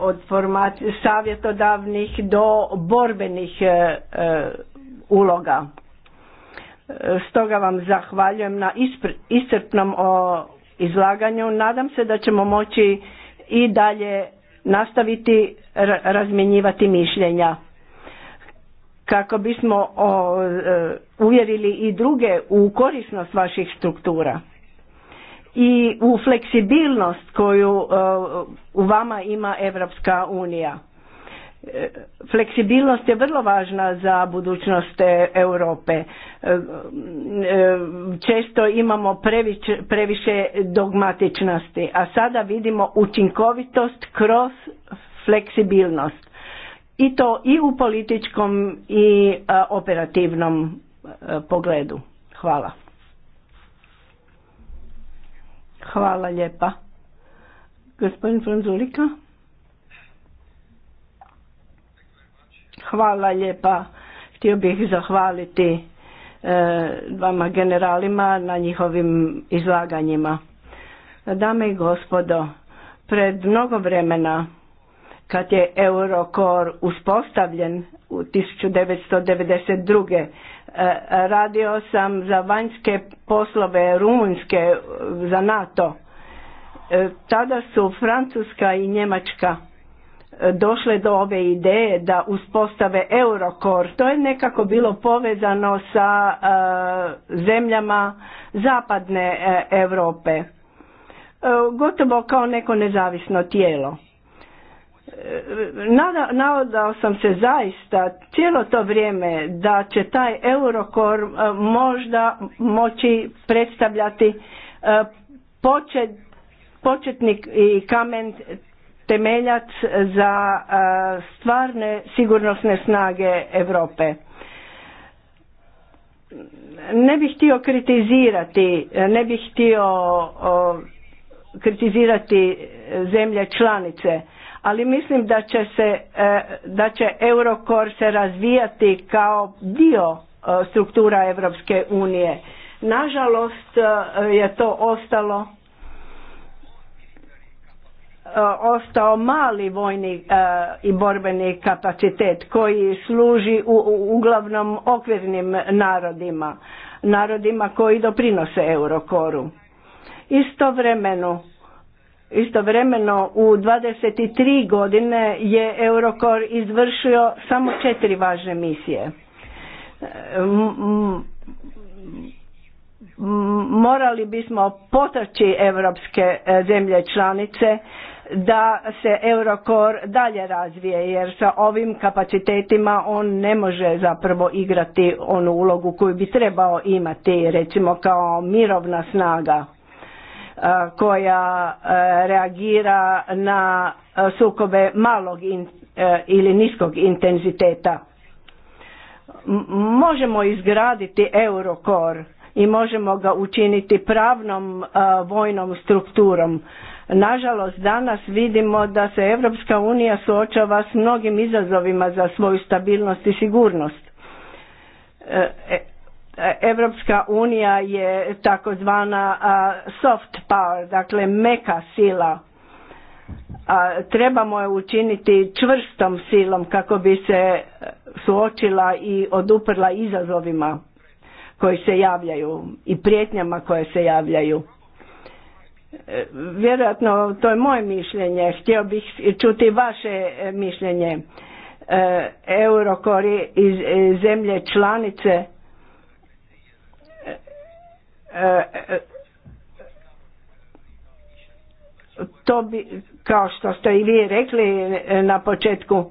od format, savjetodavnih do borbenih e, uloga. Stoga vam zahvaljujem na iscrpnom izlaganju. Nadam se da ćemo moći i dalje nastaviti razmjenjivati mišljenja kako bismo uvjerili i druge u korisnost vaših struktura i u fleksibilnost koju uh, u vama ima Evropska unija. E, fleksibilnost je vrlo važna za budućnost e, Europe. E, često imamo previše, previše dogmatičnosti, a sada vidimo učinkovitost kroz fleksibilnost. I to i u političkom i operativnom pogledu. Hvala. Hvala lijepa. Gospodin Franzulika. Hvala lijepa. Htio bih zahvaliti e, vama generalima na njihovim izlaganjima. Dame i gospodo, pred mnogo vremena kad je Eurokor uspostavljen u 1992. E, radio sam za vanjske poslove Rumunjske e, za NATO. E, tada su Francuska i Njemačka došle do ove ideje da uspostave Eurokor. To je nekako bilo povezano sa zemljama zapadne Europe. Gotovo kao neko nezavisno tijelo nadao sam se zaista cijelo to vrijeme da će taj Eurokor e, možda moći predstavljati e, počet, početnik i kamen temeljac za e, stvarne sigurnosne snage Europe. Ne bih htio kritizirati, ne bih htio kritizirati zemlje članice ali mislim da će se, e, da će Eurokor se razvijati kao dio e, struktura Europske unije. Nažalost e, je to ostalo ostao mali vojni i borbeni kapacitet koji služi u, uglavnom okvirnim narodima, narodima koji doprinose Eurokoru. Istovremeno Istovremeno u 23 godine je Eurokor izvršio samo četiri važne misije. E, morali bismo potaći evropske e, zemlje članice da se Eurokor dalje razvije jer sa ovim kapacitetima on ne može zapravo igrati onu ulogu koju bi trebao imati recimo kao mirovna snaga E, koja e, reagira na e, sukobe malog ili niskog intenziteta. Možemo izgraditi Eurokor i možemo ga učiniti pravnom vojnom strukturom. Nažalost, danas vidimo da se Europska unija suočava s mnogim izazovima za svoju stabilnost i sigurnost. Evropska unija je takozvana soft power, dakle meka sila. A trebamo je učiniti čvrstom silom kako bi se e, suočila i oduprla izazovima koji se javljaju i prijetnjama koje se javljaju. E, vjerojatno to je moje mišljenje, htio bih čuti vaše e, mišljenje. Eurokori iz zemlje članice to bi, kao što ste i vi rekli na početku,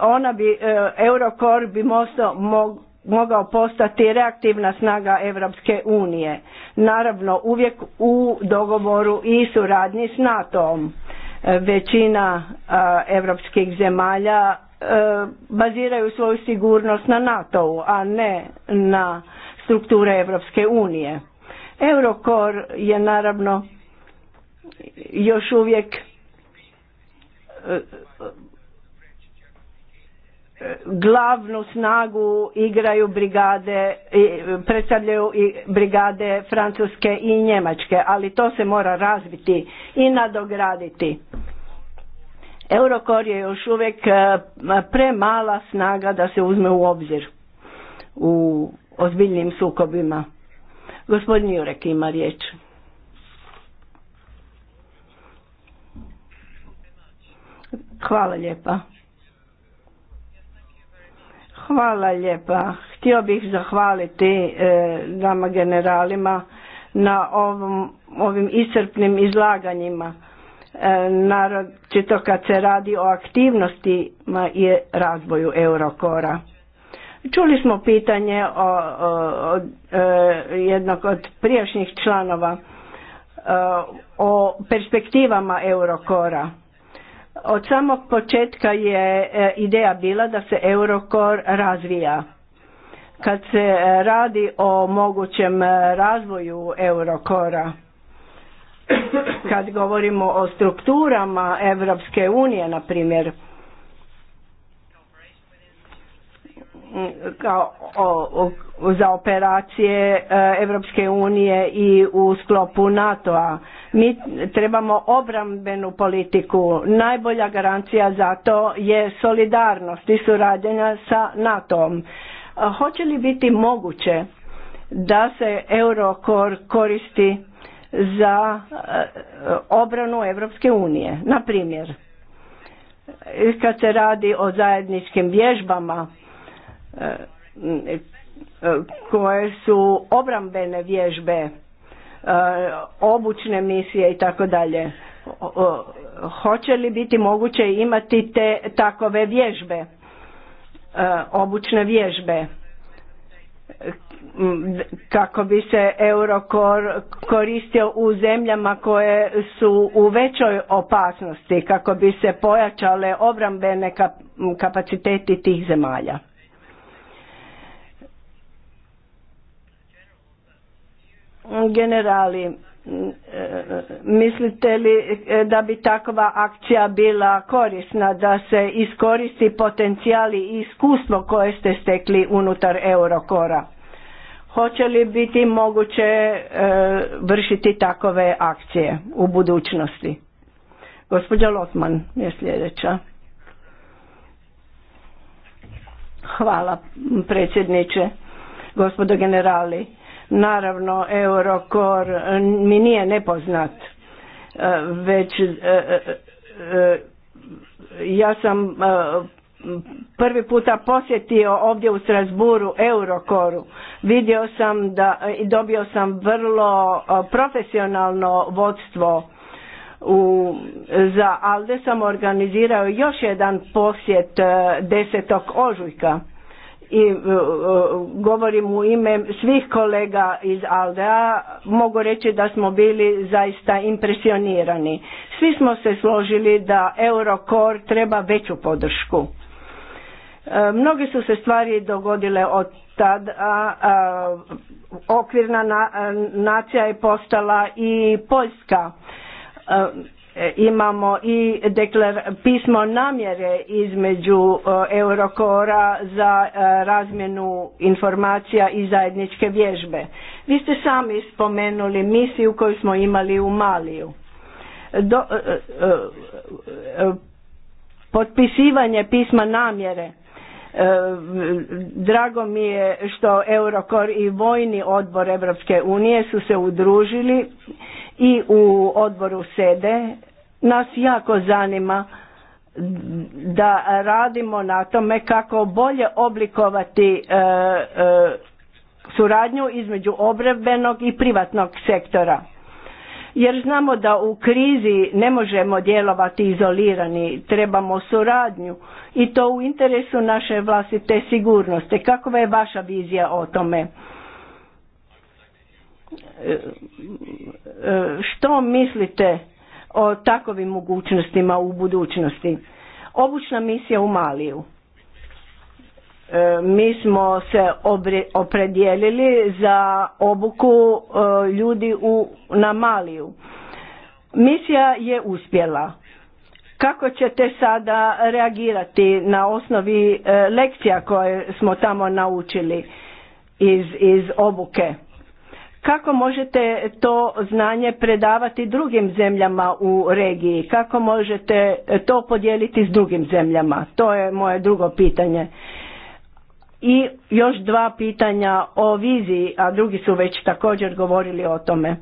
ona bi, e, Eurokor bi mosto mogao postati reaktivna snaga Europske unije. Naravno, uvijek u dogovoru i suradnji s NATO-om. E, većina europskih zemalja e, baziraju svoju sigurnost na NATO-u, a ne na strukture Europske unije Eurokor je naravno još uvijek e, e, glavnu snagu igraju brigade, predstavljaju i brigade Francuske i Njemačke, ali to se mora razviti i nadograditi. Eurokor je još uvijek e, premala snaga da se uzme u obzir u ozbiljnim sukobima. Gospodin Jurek ima riječ. Hvala lijepa. Hvala lijepa. Htio bih zahvaliti e, nama generalima na ovim iscrpnim izlaganjima. Narod e, naročito kad se radi o aktivnostima i razvoju Eurokora. Čuli smo pitanje o, e, jednog od prijašnjih članova e, o perspektivama Eurokora. Od samog početka je e, ideja bila da se Eurokor razvija. Kad se radi o mogućem razvoju Eurokora, kad govorimo o strukturama Europske unije, na primjer, kao za operacije Europske unije i u sklopu NATO-a. Mi trebamo obrambenu politiku. Najbolja garancija za to je solidarnost i suradnja sa NATO-om. Hoće li biti moguće da se Eurokor koristi za e, obranu Europske unije? Na primjer, kad se radi o zajedničkim vježbama, E, koje su obrambene vježbe, e, obučne misije i tako dalje. Hoće li biti moguće imati te takove vježbe, e, obučne vježbe? kako bi se Eurokor koristio u zemljama koje su u većoj opasnosti, kako bi se pojačale obrambene kapaciteti tih zemalja. generali, e, mislite li e, da bi takva akcija bila korisna, da se iskoristi potencijali i iskustvo koje ste stekli unutar Eurokora? Hoće li biti moguće e, vršiti takove akcije u budućnosti? Gospođa Lotman je sljedeća. Hvala predsjedniče, gospodo generali Naravno, Eurokor mi nije nepoznat, e, već e, e, ja sam prvi puta posjetio ovdje u Strasburu Eurokoru. Vidio sam da dobio sam vrlo profesionalno vodstvo u, za Alde sam organizirao još jedan posjet 10. ožujka i e, e, govorim u ime svih kolega iz Aldea, mogu reći da smo bili zaista impresionirani. Svi smo se složili da Eurokor treba veću podršku. E, mnoge su se stvari dogodile od tada, a, okvirna nacija je postala i Poljska. E, imamo i pismo namjere između e, Eurokora za e, razmjenu informacija i zajedničke vježbe. Vi ste sami spomenuli misiju koju smo imali u Maliju. potpisivanje pisma namjere drago mi je što Eurokor i vojni odbor Europske unije su se udružili i u odboru sede nas jako zanima da radimo na tome kako bolje oblikovati e, e, suradnju između obrebenog i privatnog sektora. Jer znamo da u krizi ne možemo djelovati izolirani, trebamo suradnju i to u interesu naše vlastite sigurnosti. Kakva je vaša vizija o tome? E, što mislite o takovim mogućnostima u budućnosti. Obučna misija u Maliju. E, mi smo se opredijelili za obuku e, ljudi u, na Maliju. Misija je uspjela. Kako ćete sada reagirati na osnovi e, lekcija koje smo tamo naučili iz, iz obuke? Kako možete to znanje predavati drugim zemljama u regiji? Kako možete to podijeliti s drugim zemljama? To je moje drugo pitanje. I još dva pitanja o viziji, a drugi su već također govorili o tome.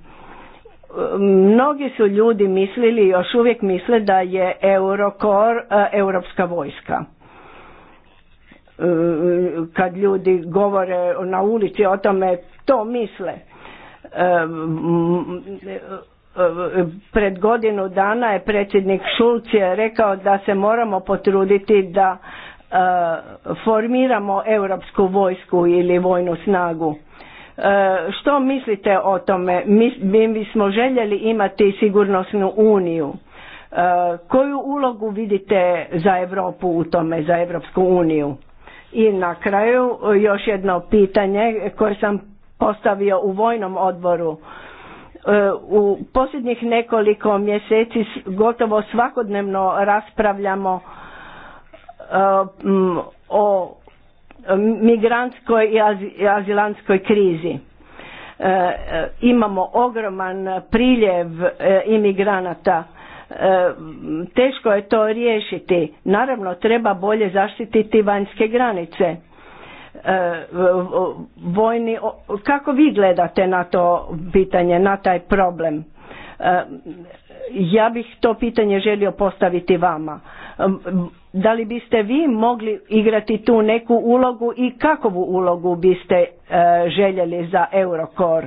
Mnogi su ljudi mislili, još uvijek misle da je Eurokor e, europska vojska e, kad ljudi govore na ulici o tome, to misle pred godinu dana je predsjednik Šulc je rekao da se moramo potruditi da e, formiramo europsku vojsku ili vojnu snagu. E, što mislite o tome? Mi bismo željeli imati sigurnosnu uniju. E, koju ulogu vidite za Europu u tome, za Europsku uniju? I na kraju još jedno pitanje koje sam postavio u vojnom odboru. E, u posljednjih nekoliko mjeseci gotovo svakodnevno raspravljamo e, o migrantskoj i azilantskoj krizi. E, imamo ogroman priljev imigranata. Teško je to riješiti. Naravno, treba bolje zaštititi vanjske granice E, vojni kako vi gledate na to pitanje na taj problem e, ja bih to pitanje želio postaviti vama e, da li biste vi mogli igrati tu neku ulogu i kakvu ulogu biste željeli za Eurokor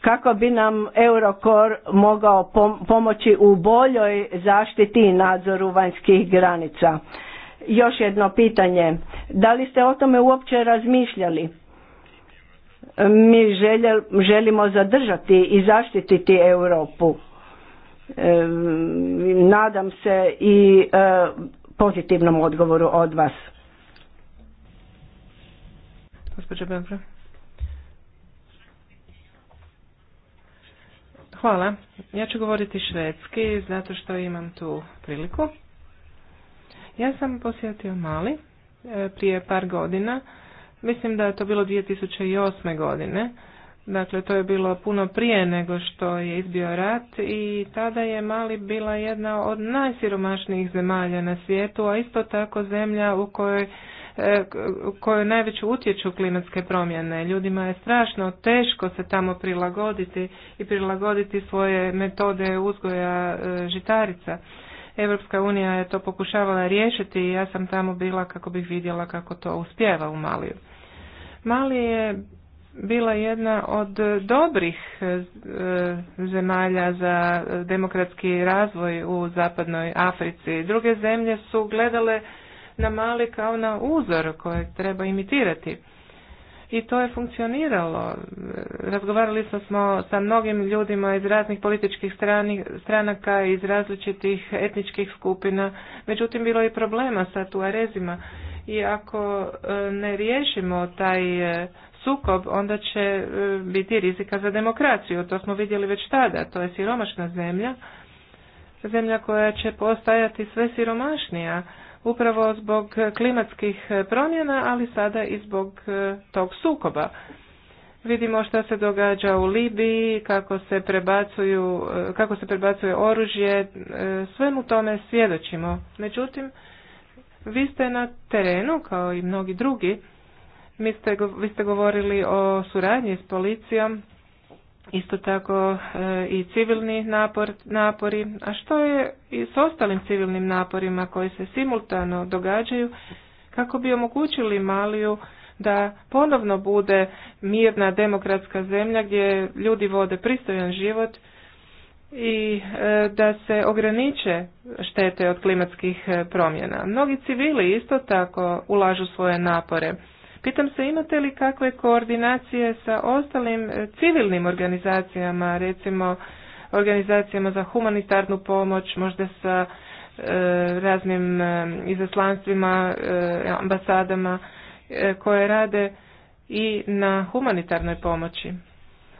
kako bi nam Eurokor mogao pomoći u boljoj zaštiti i nadzoru vanjskih granica još jedno pitanje da li ste o tome uopće razmišljali? Mi želimo zadržati i zaštititi Europu. E, nadam se i e, pozitivnom odgovoru od vas. Hvala. Ja ću govoriti švedski zato što imam tu priliku. Ja sam posjetio Mali prije par godina. Mislim da je to bilo 2008. godine. Dakle, to je bilo puno prije nego što je izbio rat i tada je Mali bila jedna od najsiromašnijih zemalja na svijetu, a isto tako zemlja u kojoj e, kojoj najveću utječu klimatske promjene. Ljudima je strašno teško se tamo prilagoditi i prilagoditi svoje metode uzgoja e, žitarica. Evropska unija je to pokušavala riješiti i ja sam tamo bila kako bih vidjela kako to uspjeva u Maliju. Mali je bila jedna od dobrih e, zemalja za demokratski razvoj u zapadnoj Africi. Druge zemlje su gledale na Mali kao na uzor kojeg treba imitirati i to je funkcioniralo. Razgovarali smo sa mnogim ljudima iz raznih političkih strani, stranaka, iz različitih etničkih skupina, međutim bilo je i problema sa tuarezima i ako e, ne riješimo taj e, sukob, onda će e, biti rizika za demokraciju. To smo vidjeli već tada. To je siromašna zemlja, zemlja koja će postajati sve siromašnija upravo zbog klimatskih promjena, ali sada i zbog e, tog sukoba. Vidimo šta se događa u Libiji, kako se prebacuju, e, kako se prebacuje oružje, e, svemu tome svjedočimo. Međutim, vi ste na terenu kao i mnogi drugi, vi ste govorili o suradnji s policijom isto tako e, i civilni napor, napori, a što je i s ostalim civilnim naporima koji se simultano događaju kako bi omogućili Maliju da ponovno bude mirna demokratska zemlja gdje ljudi vode pristojan život i e, da se ograniče štete od klimatskih e, promjena. Mnogi civili isto tako ulažu svoje napore Pitam se imate li kakve koordinacije sa ostalim e, civilnim organizacijama, recimo organizacijama za humanitarnu pomoć, možda sa e, raznim e, izaslanstvima, ambasadama koje rade i na humanitarnoj pomoći.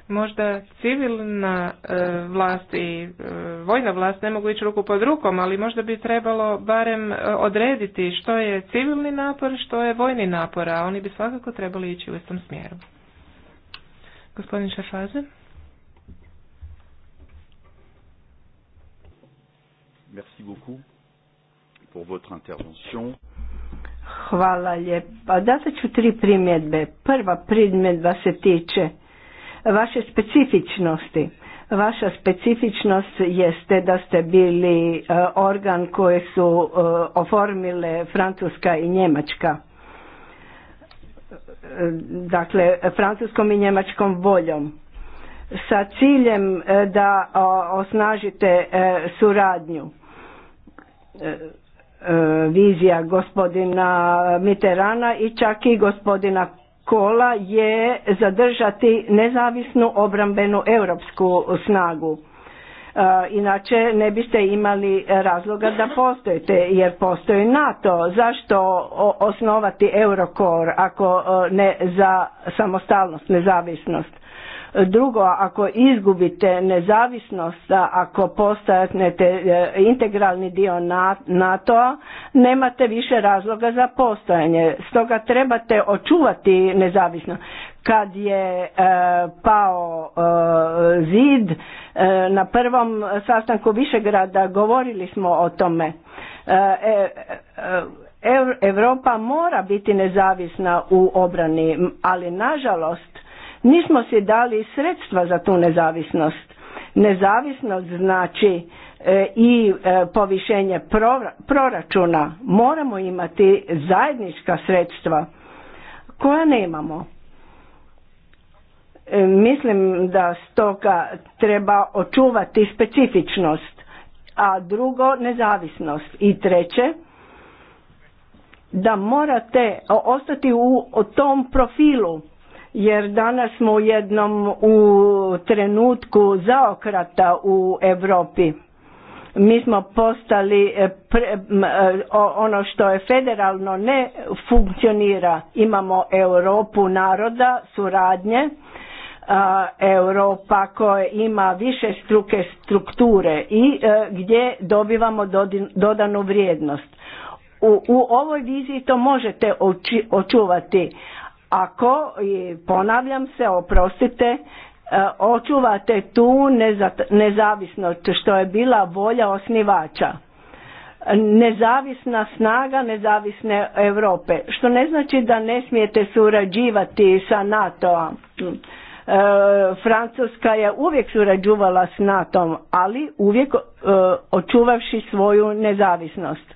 Možda civilna e, vlast i e, vojna vlast ne mogu ići ruku pod rukom, ali možda bi trebalo barem e, odrediti što je civilni napor, što je vojni napor, a oni bi svakako trebali ići u istom smjeru. Gospodin Šafaze. Merci beaucoup pour votre intervention. Hvala lijepa. Dati ću tri primjedbe. Prva primjedba se tiče vaše specifičnosti. Vaša specifičnost jeste da ste bili e, organ koje su e, oformile Francuska i Njemačka. E, dakle, francuskom i njemačkom voljom sa ciljem da osnažite suradnju. Vizija gospodina Mitterana i čak i gospodina kola je zadržati nezavisnu obrambenu europsku snagu. E, inače ne biste imali razloga da postojite jer postoji NATO. Zašto osnovati Eurokor ako e, ne za samostalnost, nezavisnost? Drugo, ako izgubite nezavisnost, ako postajete e, integralni dio NATO-a, nemate više razloga za postojanje. Stoga trebate očuvati nezavisnost. Kad je e, pao e, zid, na prvom sastanku Višegrada govorili smo o tome. Europa mora biti nezavisna u obrani, ali nažalost Nismo si dali sredstva za tu nezavisnost. Nezavisnost znači e, i e, povišenje proračuna. Moramo imati zajednička sredstva koja nemamo. E, mislim da stoga treba očuvati specifičnost, a drugo nezavisnost. I treće, da morate ostati u tom profilu jer danas smo u jednom u trenutku zaokrata u Europi. Mi smo postali e, e, ono što je federalno ne funkcionira. Imamo Europu naroda, suradnje, e, Europa koja ima više struke strukture i gdje dobivamo dodanu vrijednost. U, u ovoj viziji to možete oči, očuvati, ako, i ponavljam se, oprostite, e, očuvate tu nezavisnost što je bila volja osnivača. Nezavisna snaga nezavisne Europe, što ne znači da ne smijete surađivati sa NATO-a. E, Francuska je uvijek surađuvala s NATO-om, ali uvijek e, očuvavši svoju nezavisnost.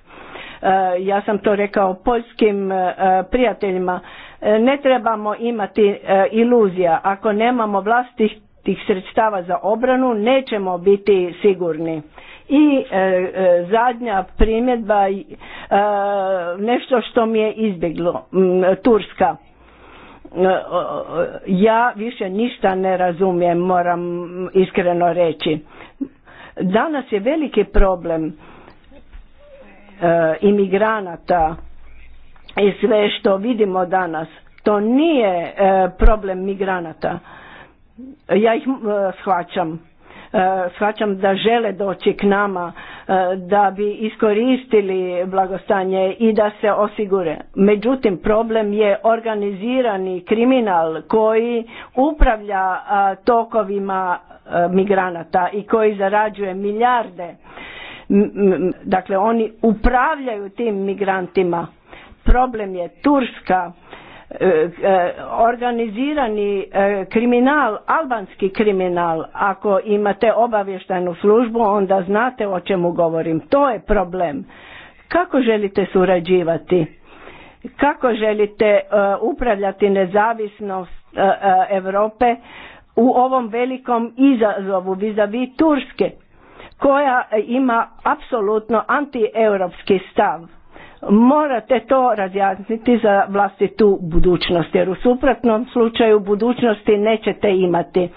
ja sam to rekao poljskim prijateljima E, ne trebamo imati e, iluzija, ako nemamo vlastitih tih sredstava za obranu nećemo biti sigurni. I e, zadnja primjedba, e, nešto što mi je izbjeglo, Turska. ja više ništa ne razumijem, moram iskreno reći. Danas je veliki problem imigranata i sve što vidimo danas, to nije e, problem migranata. Ja ih e, shvaćam. E, shvaćam da žele doći k nama, da bi iskoristili blagostanje i da se osigure. Međutim, problem je organizirani kriminal koji upravlja tokovima migranata i koji zarađuje milijarde. Dakle, oni upravljaju tim migrantima Problem je Turska, e, e, organizirani e, kriminal, albanski kriminal, ako imate obavještajnu službu onda znate o čemu govorim. To je problem. Kako želite surađivati? Kako želite upravljati nezavisnost Europe u ovom velikom izazovu vis-a-vis Turske koja ima apsolutno antieuropski stav? morate to razjasniti za vlastitu budućnost jer u suprotnom slučaju budućnosti nećete imati.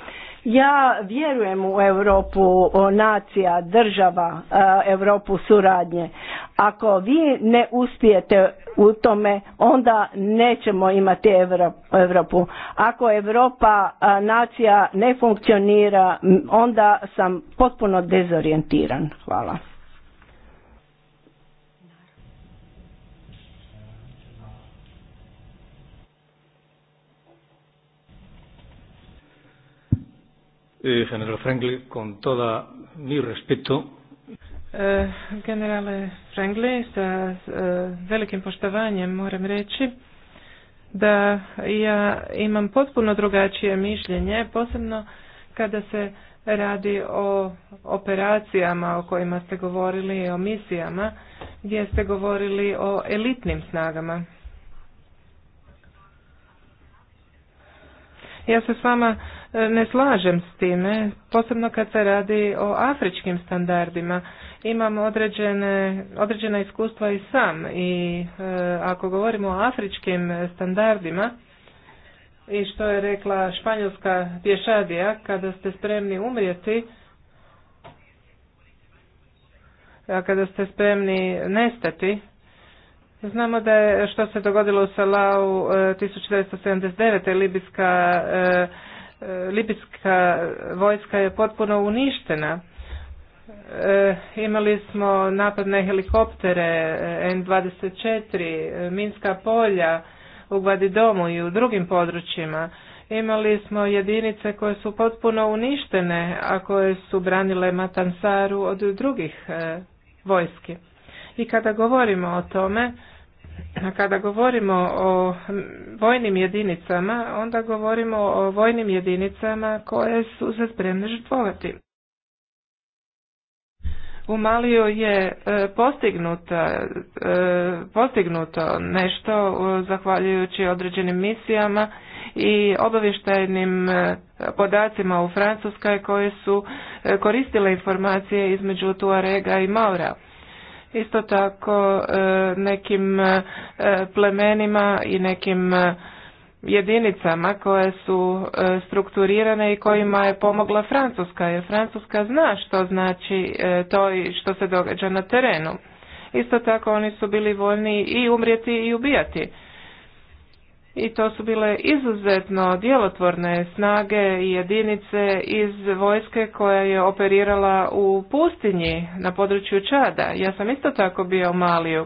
Ja vjerujem u Europu nacija, država, e, Europu suradnje. Ako vi ne uspijete u tome, onda nećemo imati Europu. Ako Europa e, nacija ne funkcionira, onda sam potpuno dezorijentiran. Hvala. eh, general Franklin, con toda mi respeto. Eh, generale Franklin, sa eh, velikim poštovanjem moram reći da ja imam potpuno drugačije mišljenje, posebno kada se radi o operacijama o kojima ste govorili, i o misijama, gdje ste govorili o elitnim snagama. Ja se s vama ne slažem s time, posebno kad se radi o afričkim standardima. Imam određene, određena iskustva i sam i e, ako govorimo o afričkim standardima i što je rekla španjolska pješadija, kada ste spremni umrijeti, a kada ste spremni nestati, Znamo da je što se dogodilo u Salau 1979. Libijska e, Libijska vojska je potpuno uništena. E, imali smo napadne helikoptere e, N-24, e, Minska polja u Gvadidomu i u drugim područjima. Imali smo jedinice koje su potpuno uništene, a koje su branile Matansaru od drugih e, vojski. I kada govorimo o tome, kada govorimo o vojnim jedinicama, onda govorimo o vojnim jedinicama koje su se spremne žrtvovati. U Maliju je e, postignuto, e, postignuto nešto e, zahvaljujući određenim misijama i obavještajnim podacima u Francuskoj koje su koristile informacije između Tuarega i Maura. Isto tako e, nekim e, e, plemenima i nekim jedinicama koje su strukturirane i kojima je pomogla Francuska, jer Francuska zna što znači to i što se događa na terenu. Isto tako oni su bili voljni i umrijeti i ubijati i to su bile izuzetno djelotvorne snage i jedinice iz vojske koja je operirala u pustinji na području Čada. Ja sam isto tako bio u Maliju.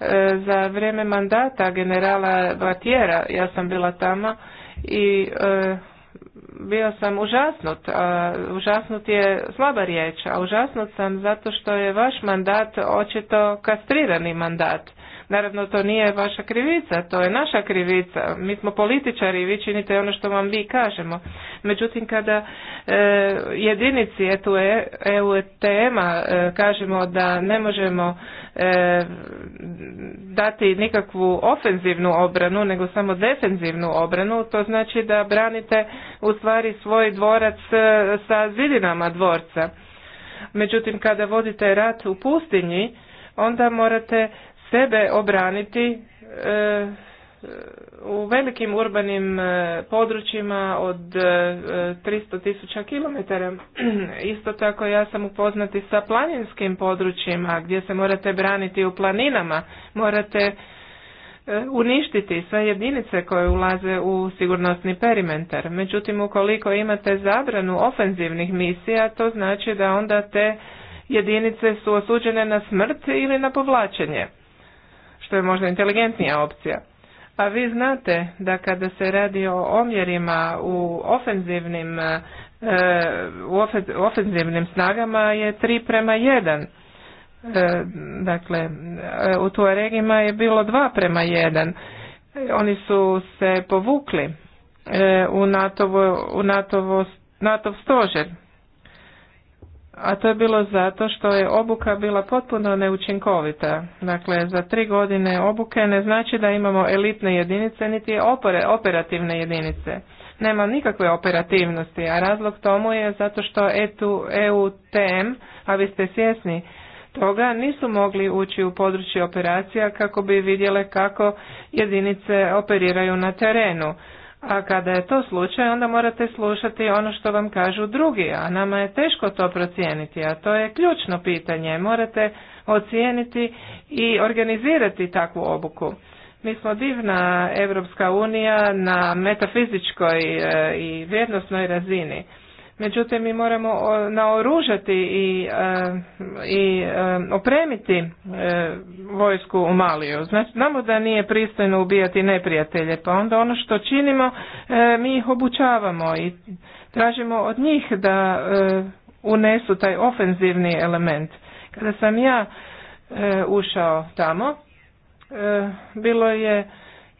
E, za vrijeme mandata generala Batjera ja sam bila tamo i e, bio sam užasnut. A, užasnut je slaba riječ, a užasnut sam zato što je vaš mandat očito kastrirani mandat Naravno, to nije vaša krivica, to je naša krivica. Mi smo političari i vi činite ono što vam mi kažemo. Međutim, kada e, jedinici etu e, EU tema e, kažemo da ne možemo e, dati nikakvu ofenzivnu obranu, nego samo defenzivnu obranu, to znači da branite u stvari svoj dvorac sa zidinama dvorca. Međutim, kada vodite rat u pustinji, onda morate sebe obraniti e, u velikim urbanim e, područjima od 300 e, tisuća kilometara. *clears throat* Isto tako ja sam upoznati sa planinskim područjima gdje se morate braniti u planinama, morate uništiti sve jedinice koje ulaze u sigurnosni perimentar. Međutim, ukoliko imate zabranu ofenzivnih misija, to znači da onda te jedinice su osuđene na smrt ili na povlačenje što je možda inteligentnija opcija. A vi znate da kada se radi o omjerima u ofenzivnim, e, u ofenzivnim snagama je 3 prema 1. E, dakle, e, u Tuaregima je bilo 2 prema 1. Oni su se povukli u NATO-vo NATO stožer a to je bilo zato što je obuka bila potpuno neučinkovita. Dakle, za tri godine obuke ne znači da imamo elitne jedinice, niti opere, operativne jedinice. Nema nikakve operativnosti, a razlog tomu je zato što ETU, EUTM, a vi ste svjesni toga, nisu mogli ući u područje operacija kako bi vidjele kako jedinice operiraju na terenu. A kada je to slučaj, onda morate slušati ono što vam kažu drugi, a nama je teško to procijeniti, a to je ključno pitanje. Morate ocijeniti i organizirati takvu obuku. Mi smo divna Evropska unija na metafizičkoj e, i vjernosnoj razini. Međutim, mi moramo naoružati i, e, i e, opremiti e, vojsku u Maliju. Znači, znamo da nije pristojno ubijati neprijatelje, pa onda ono što činimo, mi ih obučavamo i tražimo od njih da unesu taj ofenzivni element. Kada sam ja ušao tamo, bilo je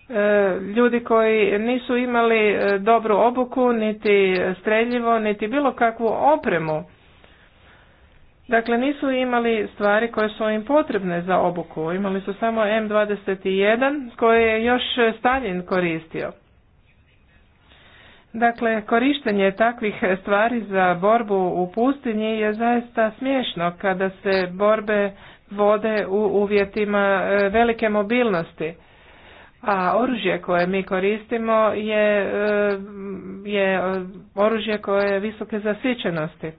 E, ljudi koji nisu imali e, dobru obuku, niti streljivo, niti bilo kakvu opremu. Dakle, nisu imali stvari koje su im potrebne za obuku. Imali su samo M21 koje je još Stalin koristio. Dakle, korištenje takvih stvari za borbu u pustinji je zaista smiješno kada se borbe vode u uvjetima e, velike mobilnosti a oružje koje mi koristimo je, e, je oružje koje je visoke zasićenosti.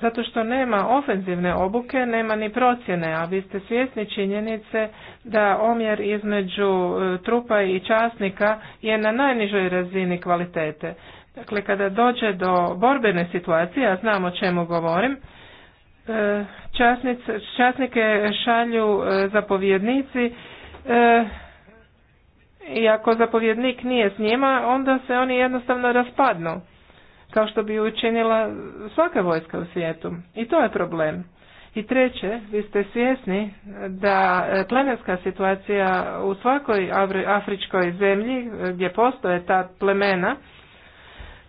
Zato što nema ofenzivne obuke, nema ni procjene, a vi ste svjesni činjenice da omjer između e, trupa i časnika je na najnižoj razini kvalitete. Dakle, kada dođe do borbene situacije, a znam o čemu govorim, e, časnice, časnike šalju zapovjednici i ako zapovjednik nije s njima, onda se oni jednostavno raspadnu, kao što bi učinila svaka vojska u svijetu. I to je problem. I treće, vi ste svjesni da e, plemenska situacija u svakoj afričkoj zemlji e, gdje postoje ta plemena,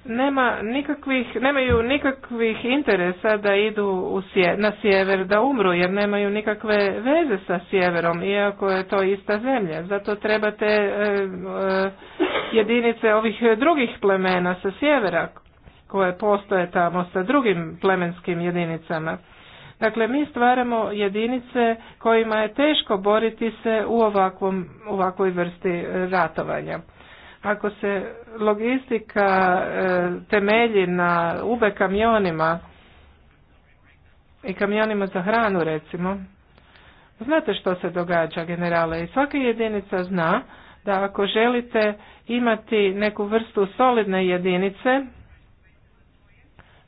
nema nikakvih, nemaju nikakvih interesa da idu u sje, na sjever da umru jer nemaju nikakve veze sa sjeverom iako je to ista zemlja. Zato trebate e, e jedinice ovih drugih plemena sa sjevera koje postoje tamo sa drugim plemenskim jedinicama. Dakle, mi stvaramo jedinice kojima je teško boriti se u ovakvom, ovakvoj vrsti ratovanja. Ako se logistika e, temelji na ube kamionima i kamionima za hranu recimo, znate što se događa generale i svaka jedinica zna da ako želite imati neku vrstu solidne jedinice,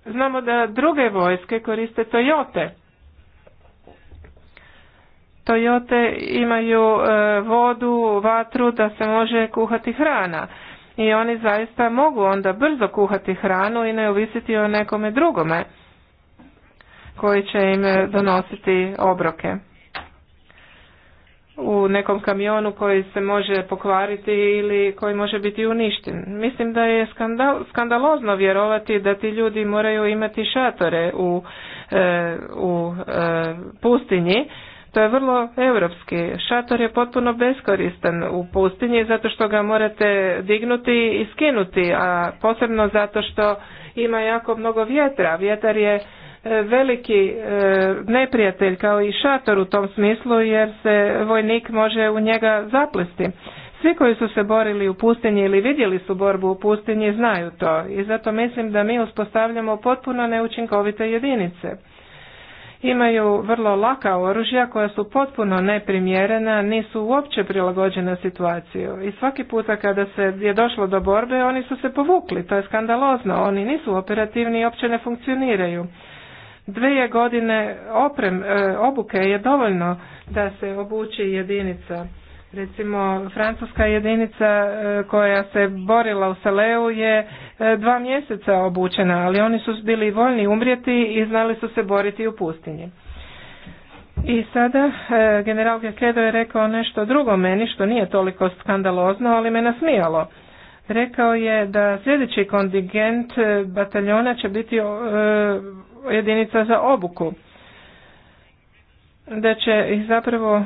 znamo da druge vojske koriste Toyota. Toyote imaju e, vodu, vatru da se može kuhati hrana i oni zaista mogu onda brzo kuhati hranu i ne ovisiti o nekome drugome koji će im e, donositi obroke u nekom kamionu koji se može pokvariti ili koji može biti uništen. Mislim da je skandal, skandalozno vjerovati da ti ljudi moraju imati šatore u, e, u pustinji što je vrlo europski. Šator je potpuno beskoristan u pustinji zato što ga morate dignuti i skinuti, a posebno zato što ima jako mnogo vjetra. Vjetar je e, veliki e, neprijatelj kao i šator u tom smislu jer se vojnik može u njega zaplesti. Svi koji su se borili u pustinji ili vidjeli su borbu u pustinji znaju to i zato mislim da mi uspostavljamo potpuno neučinkovite jedinice imaju vrlo laka oružja koja su potpuno neprimjerena, nisu uopće prilagođena situaciju. I svaki puta kada se je došlo do borbe, oni su se povukli, to je skandalozno, oni nisu operativni i uopće ne funkcioniraju. Dvije godine oprem, e, obuke je dovoljno da se obuči jedinica Recimo, francuska jedinica e, koja se borila u Saleu je e, dva mjeseca obučena, ali oni su bili voljni umrijeti i znali su se boriti u pustinji. I sada e, general Gekedo je rekao nešto drugo meni, što nije toliko skandalozno, ali me nasmijalo. Rekao je da sljedeći kontingent bataljona će biti jedinica za obuku. Da će ih zapravo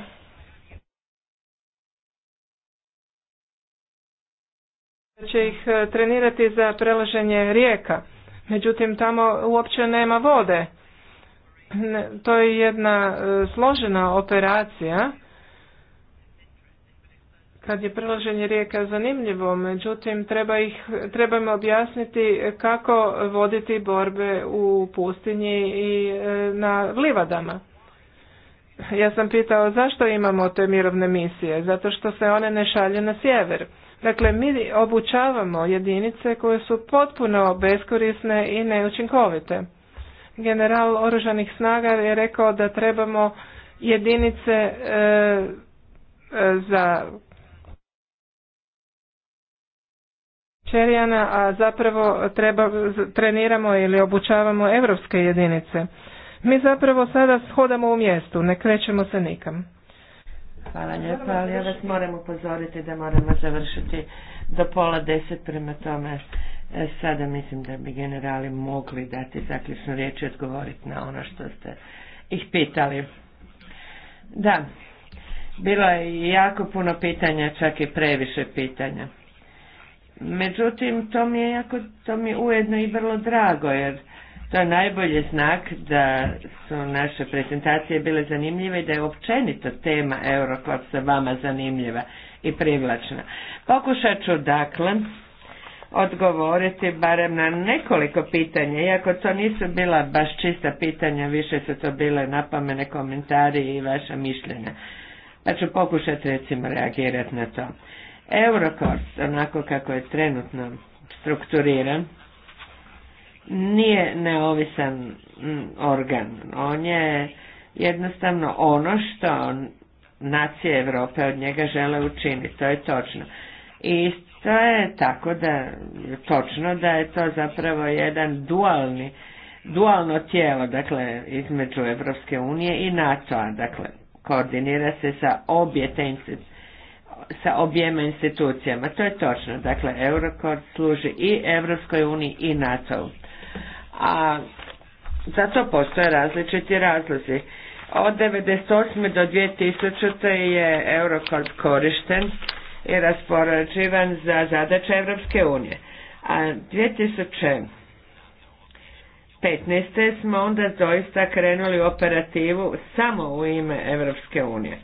će ih e, trenirati za prelaženje rijeka. Međutim, tamo uopće nema vode. To je jedna e, složena operacija. Kad je prelaženje rijeka zanimljivo, međutim, treba ih, objasniti kako voditi borbe u pustinji i e, na livadama. Ja sam pitao zašto imamo te mirovne misije, zato što se one ne šalju na sjever. Dakle, mi obučavamo jedinice koje su potpuno beskorisne i neučinkovite. General Oružanih snaga je rekao da trebamo jedinice e, e, za Čerijana, a zapravo treba, treniramo ili obučavamo evropske jedinice. Mi zapravo sada shodamo u mjestu, ne krećemo se nikam. Hvala lijepa, ali ja vas moram upozoriti da moramo završiti do pola deset, prema tome e, sada mislim da bi generali mogli dati zaključnu riječ i odgovoriti na ono što ste ih pitali. Da, bilo je jako puno pitanja, čak i previše pitanja. Međutim, to mi je jako, to mi je ujedno i vrlo drago, jer to je najbolji znak da su naše prezentacije bile zanimljive i da je općenito tema sa vama zanimljiva i privlačna. Pokušat ću dakle odgovoriti barem na nekoliko pitanja, iako to nisu bila baš čista pitanja, više su to bile napomene, komentari i vaša mišljenja. Pa ću pokušati recimo reagirati na to. Eurokorps, onako kako je trenutno strukturiran, nije neovisan mm, organ. On je jednostavno ono što nacije Europe od njega žele učiniti, to je točno. I to je tako da, točno da je to zapravo jedan dualni, dualno tijelo, dakle, između Evropske unije i NATO-a, dakle, koordinira se sa obje te sa objema institucijama, to je točno, dakle, Eurokord služi i Evropskoj uniji i NATO-u a zato postoje različiti razlozi. Od 1998. do 2000. je Eurocorp korišten i raspoređivan za zadaće Europske unije. A 2015. smo onda doista krenuli u operativu samo u ime Europske unije.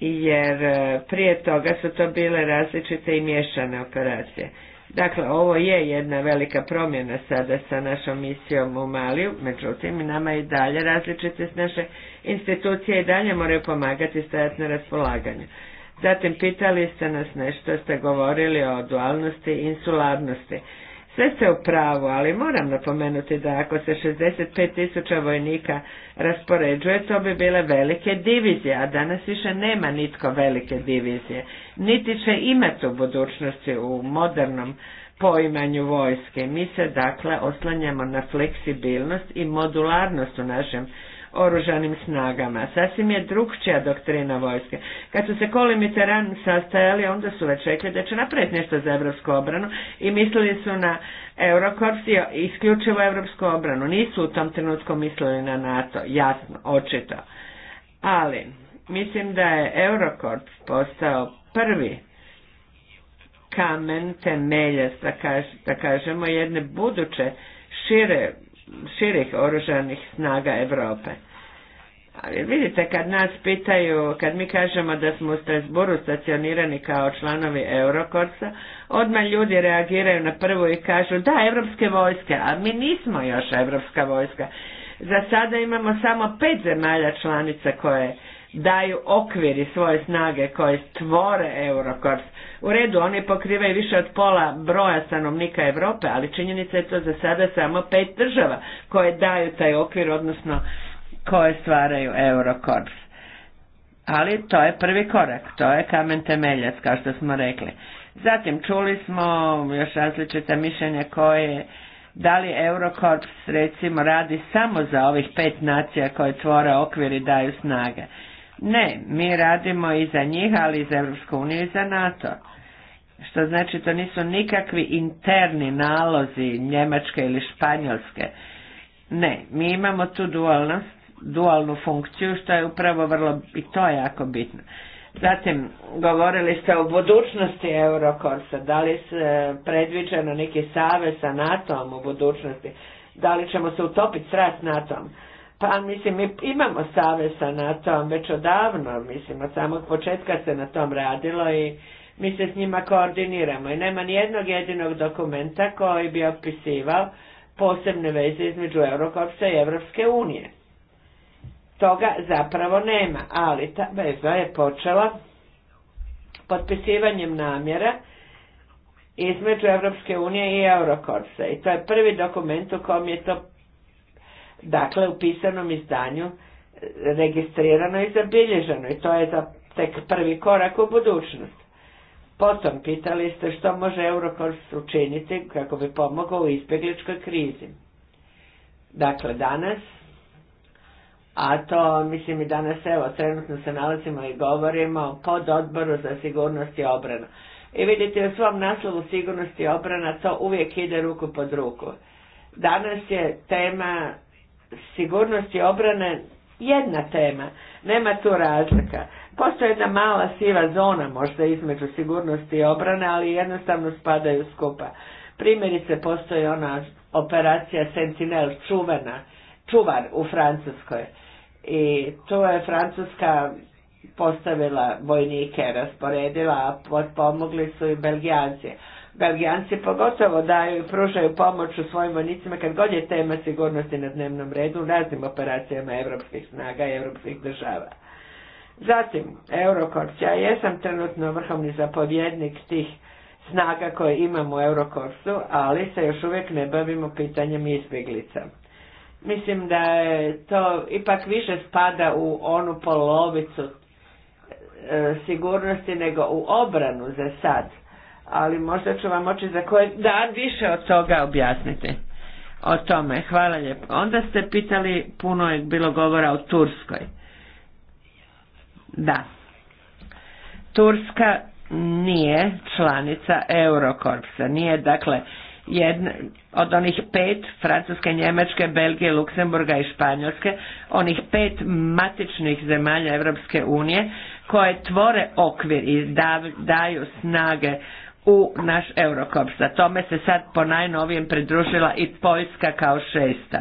Jer e, prije toga su to bile različite i mješane operacije. Dakle, ovo je jedna velika promjena sada sa našom misijom u Maliju, međutim, nama i dalje različite s naše institucije i dalje moraju pomagati stajati na raspolaganju. Zatim, pitali ste nas nešto, ste govorili o dualnosti i insularnosti. Sve ste u pravu, ali moram napomenuti da ako se 65 tisuća vojnika raspoređuje, to bi bile velike divizije, a danas više nema nitko velike divizije. Niti će imati u budućnosti u modernom poimanju vojske. Mi se dakle oslanjamo na fleksibilnost i modularnost u našem oružanim snagama. Sasvim je drugčija doktrina vojske. Kad su se Kolim i sastajali, onda su već rekli da će napraviti nešto za evropsku obranu i mislili su na Eurokorps i isključivo evropsku obranu. Nisu u tom trenutku mislili na NATO, jasno, očito. Ali, mislim da je Eurokorps postao prvi kamen temelja, da kažemo, jedne buduće šire širih oružanih snaga Europe. Ali vidite, kad nas pitaju, kad mi kažemo da smo u Strasburu stacionirani kao članovi Eurokorsa, odmah ljudi reagiraju na prvu i kažu da, evropske vojske, a mi nismo još evropska vojska. Za sada imamo samo pet zemalja članica koje daju okviri svoje snage koje stvore Eurokors. U redu, oni pokrivaju više od pola broja stanovnika Europe, ali činjenica je to za sada samo pet država koje daju taj okvir, odnosno koje stvaraju Eurokors. Ali to je prvi korak, to je kamen temeljac, kao što smo rekli. Zatim čuli smo još različita mišljenja koje da li Eurokorps recimo radi samo za ovih pet nacija koje tvore okvir i daju snage. Ne, mi radimo i za njih, ali i za i za NATO. Što znači to nisu nikakvi interni nalozi Njemačke ili Španjolske. Ne, mi imamo tu dualnost, dualnu funkciju što je upravo vrlo i to je jako bitno. Zatim, govorili ste o budućnosti Eurokorsa, da li se predviđeno neki savez sa NATO-om u budućnosti, da li ćemo se utopiti s NATO-om. Pa mislim, mi imamo savez sa tom već odavno, mislim, od samog početka se na tom radilo i mi se s njima koordiniramo i nema ni jednog jedinog dokumenta koji bi opisivao posebne veze između Eurokopsa i Evropske unije. Toga zapravo nema, ali ta veza je počela potpisivanjem namjera između Evropske unije i Eurokopsa i to je prvi dokument u kom je to dakle u pisanom izdanju e, registrirano i zabilježeno i to je za tek prvi korak u budućnost. Potom pitali ste što može Eurokors učiniti kako bi pomogao u izbjegličkoj krizi. Dakle, danas, a to mislim i danas evo, trenutno se nalazimo i govorimo pod odboru za sigurnost i obranu. I vidite u svom naslovu sigurnost i obrana to uvijek ide ruku pod ruku. Danas je tema sigurnost i obrane jedna tema, nema tu razlika. Postoji jedna mala siva zona možda između sigurnosti i obrane, ali jednostavno spadaju skupa. Primjerice postoji ona operacija Sentinel čuvena, čuvar u Francuskoj i tu je Francuska postavila vojnike, rasporedila, a pomogli su i Belgijanci. Belgijanci pogotovo daju i pružaju pomoć u svojim vojnicima kad god je tema sigurnosti na dnevnom redu u raznim operacijama europskih snaga i europskih država. Zatim, Eurokorps, ja jesam trenutno vrhovni zapovjednik tih snaga koje imamo u Eurokorpsu, ali se još uvijek ne bavimo pitanjem izbjeglica. Mislim da to ipak više spada u onu polovicu e, sigurnosti nego u obranu za sad ali možda ću vam moći za koje da više od toga objasniti o tome. Hvala lijepo. Onda ste pitali, puno je bilo govora o Turskoj. Da. Turska nije članica Eurokorpsa, nije dakle jedna, od onih pet Francuske, Njemačke, Belgije, Luksemburga i Španjolske, onih pet matičnih zemalja Europske unije koje tvore okvir i daju snage u naš eurokop Za tome se sad po najnovijem pridružila i Poljska kao šesta.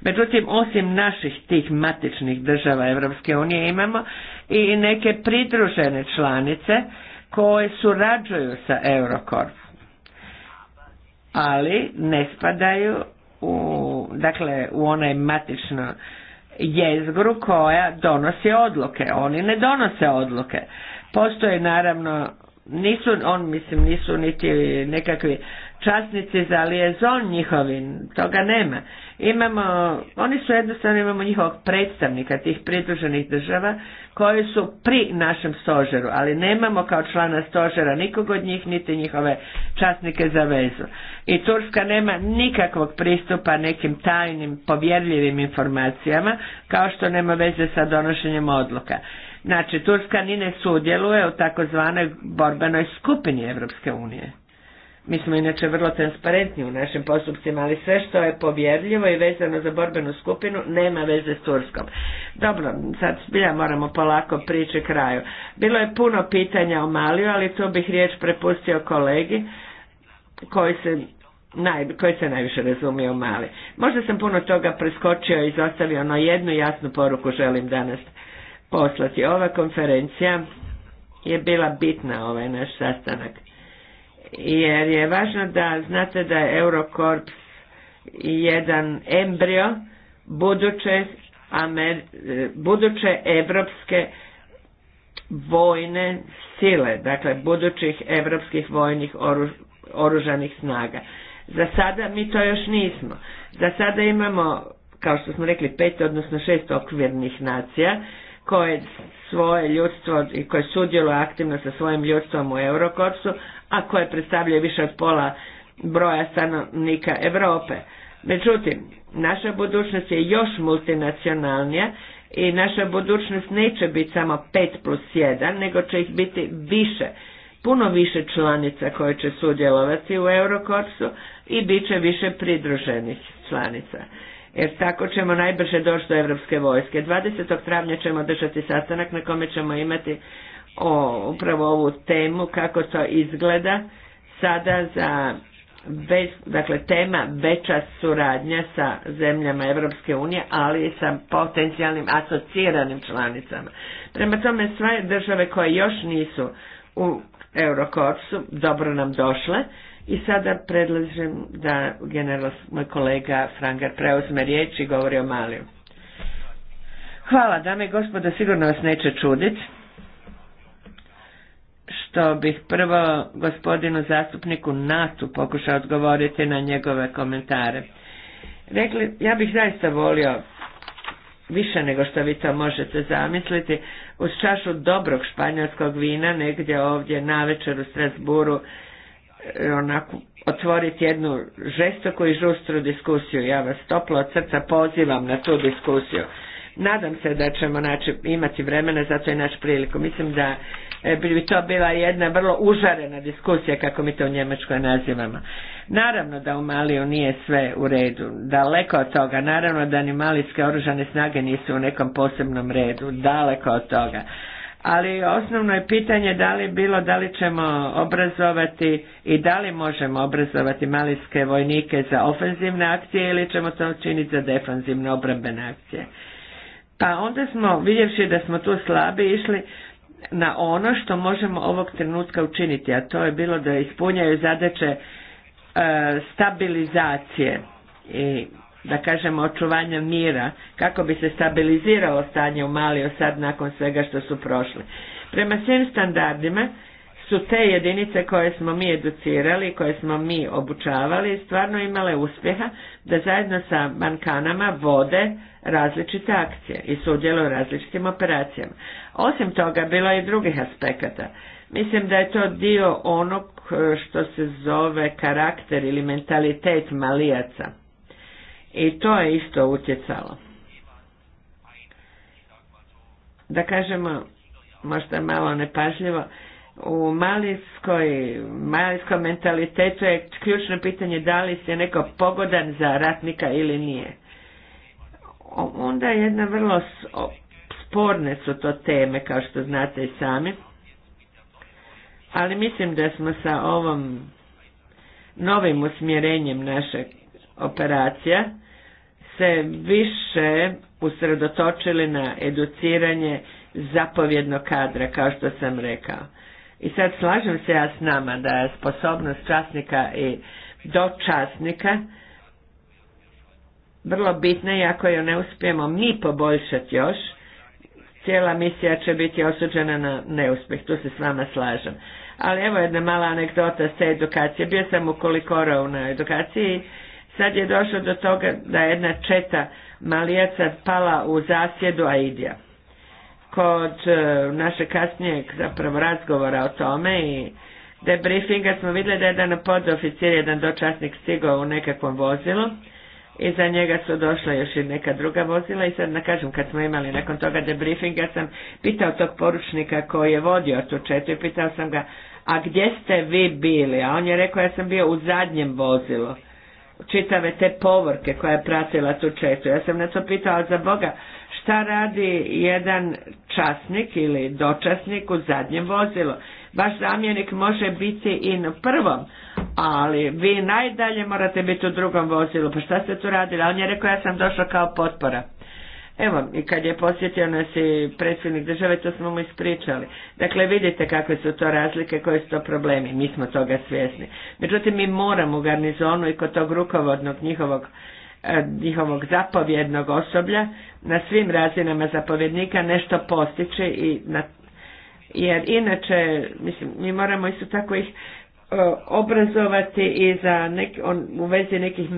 Međutim, osim naših tih matičnih država Europske unije imamo i neke pridružene članice koje surađuju sa Eurocorp. ali ne spadaju u, dakle, u onaj matično jezgru koja donosi odluke. Oni ne donose odluke. Postoje naravno nisu on mislim nisu niti nekakvi časnici za lijezon njihovi, toga nema. Imamo, oni su jednostavno imamo njihovog predstavnika tih pridruženih država koji su pri našem stožeru, ali nemamo kao člana stožera nikog od njih niti njihove časnike za vezu. I Turska nema nikakvog pristupa nekim tajnim povjerljivim informacijama kao što nema veze sa donošenjem odluka. Znači, Turska ni ne sudjeluje u takozvanoj borbenoj skupini Evropske unije. Mi smo inače vrlo transparentni u našim postupcima, ali sve što je povjerljivo i vezano za borbenu skupinu nema veze s Turskom. Dobro, sad zbilja moramo polako prići kraju. Bilo je puno pitanja o Maliju, ali tu bih riječ prepustio kolegi koji se naj, koji se najviše razumije u Mali. Možda sam puno toga preskočio i izostavio, no jednu jasnu poruku želim danas poslati. Ova konferencija je bila bitna, ovaj naš sastanak, jer je važno da znate da je Eurokorps jedan embrio buduće, Amer, buduće evropske vojne sile, dakle budućih evropskih vojnih oružanih snaga. Za sada mi to još nismo. Za sada imamo, kao što smo rekli, pet odnosno šest okvirnih nacija koje svoje ljudstvo i koje sudjeluje aktivno sa svojim ljudstvom u Eurokorsu, a koje predstavljaju više od pola broja stanovnika Europe. Međutim, naša budućnost je još multinacionalnija i naša budućnost neće biti samo 5 plus 1, nego će ih biti više, puno više članica koje će sudjelovati u Eurokorsu i bit će više pridruženih članica jer tako ćemo najbrže doći do Europske vojske. 20. travnja ćemo držati sastanak na kome ćemo imati o, upravo ovu temu kako to izgleda sada za bez, dakle tema veća suradnja sa zemljama Evropske unije, ali i sa potencijalnim asociranim članicama. Prema tome sve države koje još nisu u Eurokorpsu dobro nam došle, i sada predlažem da general moj kolega Franger preuzme riječ i govori o Maliju. Hvala, dame i gospodo, sigurno vas neće čudit. Što bih prvo gospodinu zastupniku Natu pokušao odgovoriti na njegove komentare. Rekli, ja bih zaista volio više nego što vi to možete zamisliti, uz čašu dobrog španjolskog vina negdje ovdje na večer u Strasburu E, onako otvoriti jednu žestoku i žustru diskusiju. Ja vas toplo od srca pozivam na tu diskusiju. Nadam se da ćemo naći, imati vremena za to i naš priliku. Mislim da e, bi to bila jedna vrlo užarena diskusija kako mi to u Njemačkoj nazivamo. Naravno da u Maliju nije sve u redu, daleko od toga, naravno da ni malijske oružane snage nisu u nekom posebnom redu, daleko od toga ali osnovno je pitanje da li bilo da li ćemo obrazovati i da li možemo obrazovati malijske vojnike za ofenzivne akcije ili ćemo to učiniti za defanzivne obrambene akcije. Pa onda smo, vidjevši da smo tu slabi, išli na ono što možemo ovog trenutka učiniti, a to je bilo da ispunjaju zadeće e, stabilizacije i da kažemo očuvanja mira kako bi se stabiliziralo stanje u malio sad nakon svega što su prošli. Prema svim standardima su te jedinice koje smo mi educirali, koje smo mi obučavali, stvarno imale uspjeha da zajedno sa bankanama vode različite akcije i sudjeluju u različitim operacijama. Osim toga, bilo je i drugih aspekata. Mislim da je to dio onog eh, što se zove karakter ili mentalitet malijaca i to je isto utjecalo. Da kažemo, možda malo nepažljivo, u malijskoj, malijskom mentalitetu je ključno pitanje da li se neko pogodan za ratnika ili nije. Onda jedna vrlo sporne su to teme, kao što znate i sami. Ali mislim da smo sa ovom novim usmjerenjem naše operacija se više usredotočili na educiranje zapovjednog kadra, kao što sam rekao. I sad slažem se ja s nama da je sposobnost časnika i dočasnika vrlo bitna i ako joj ne uspijemo mi poboljšati još, cijela misija će biti osuđena na neuspjeh, tu se s vama slažem. Ali evo jedna mala anegdota sa edukacije. Bio sam u Kolikorov na edukaciji Sad je došlo do toga da je jedna četa malijaca pala u zasjedu Aidija. Kod e, naše kasnijeg zapravo razgovora o tome i debriefinga smo vidjeli da je jedan podoficir, jedan dočasnik stigao u nekakvom vozilu i za njega su došla još i neka druga vozila i sad na kažem kad smo imali nakon toga debriefinga sam pitao tog poručnika koji je vodio tu četu i pitao sam ga a gdje ste vi bili? A on je rekao ja sam bio u zadnjem vozilu čitave te povorke koja je pratila tu četu. Ja sam na to pitala za Boga šta radi jedan časnik ili dočasnik u zadnjem vozilu. Vaš zamjenik može biti i na prvom, ali vi najdalje morate biti u drugom vozilu. Pa šta ste tu radili? A on je rekao ja sam došla kao potpora. Evo, i kad je posjetio nas i predsjednik države, to smo mu ispričali. Dakle, vidite kakve su to razlike, koji su to problemi. Mi smo toga svjesni. Međutim, mi moramo u garnizonu i kod tog rukovodnog njihovog e, njihovog zapovjednog osoblja na svim razinama zapovjednika nešto postići i na, jer inače mislim, mi moramo isto tako ih e, obrazovati i za u vezi nekih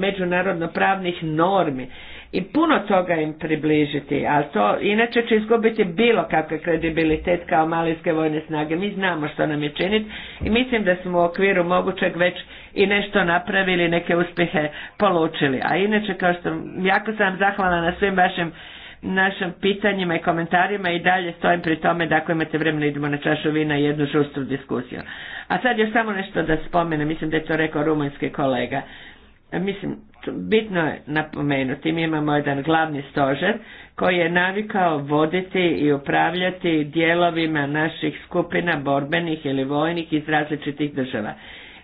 međunarodno pravnih normi i puno toga im približiti, ali to inače će izgubiti bilo kakav kredibilitet kao malijske vojne snage. Mi znamo što nam je činiti i mislim da smo u okviru mogućeg već i nešto napravili, neke uspjehe polučili. A inače, kao što jako sam zahvala na svim vašim našim pitanjima i komentarima i dalje stojim pri tome da ako imate vremena idemo na čašu vina i jednu žustru diskusiju. A sad još samo nešto da spomenem, mislim da je to rekao rumunjski kolega. E, mislim, bitno je napomenuti, mi imamo jedan glavni stožer koji je navikao voditi i upravljati dijelovima naših skupina borbenih ili vojnih iz različitih država.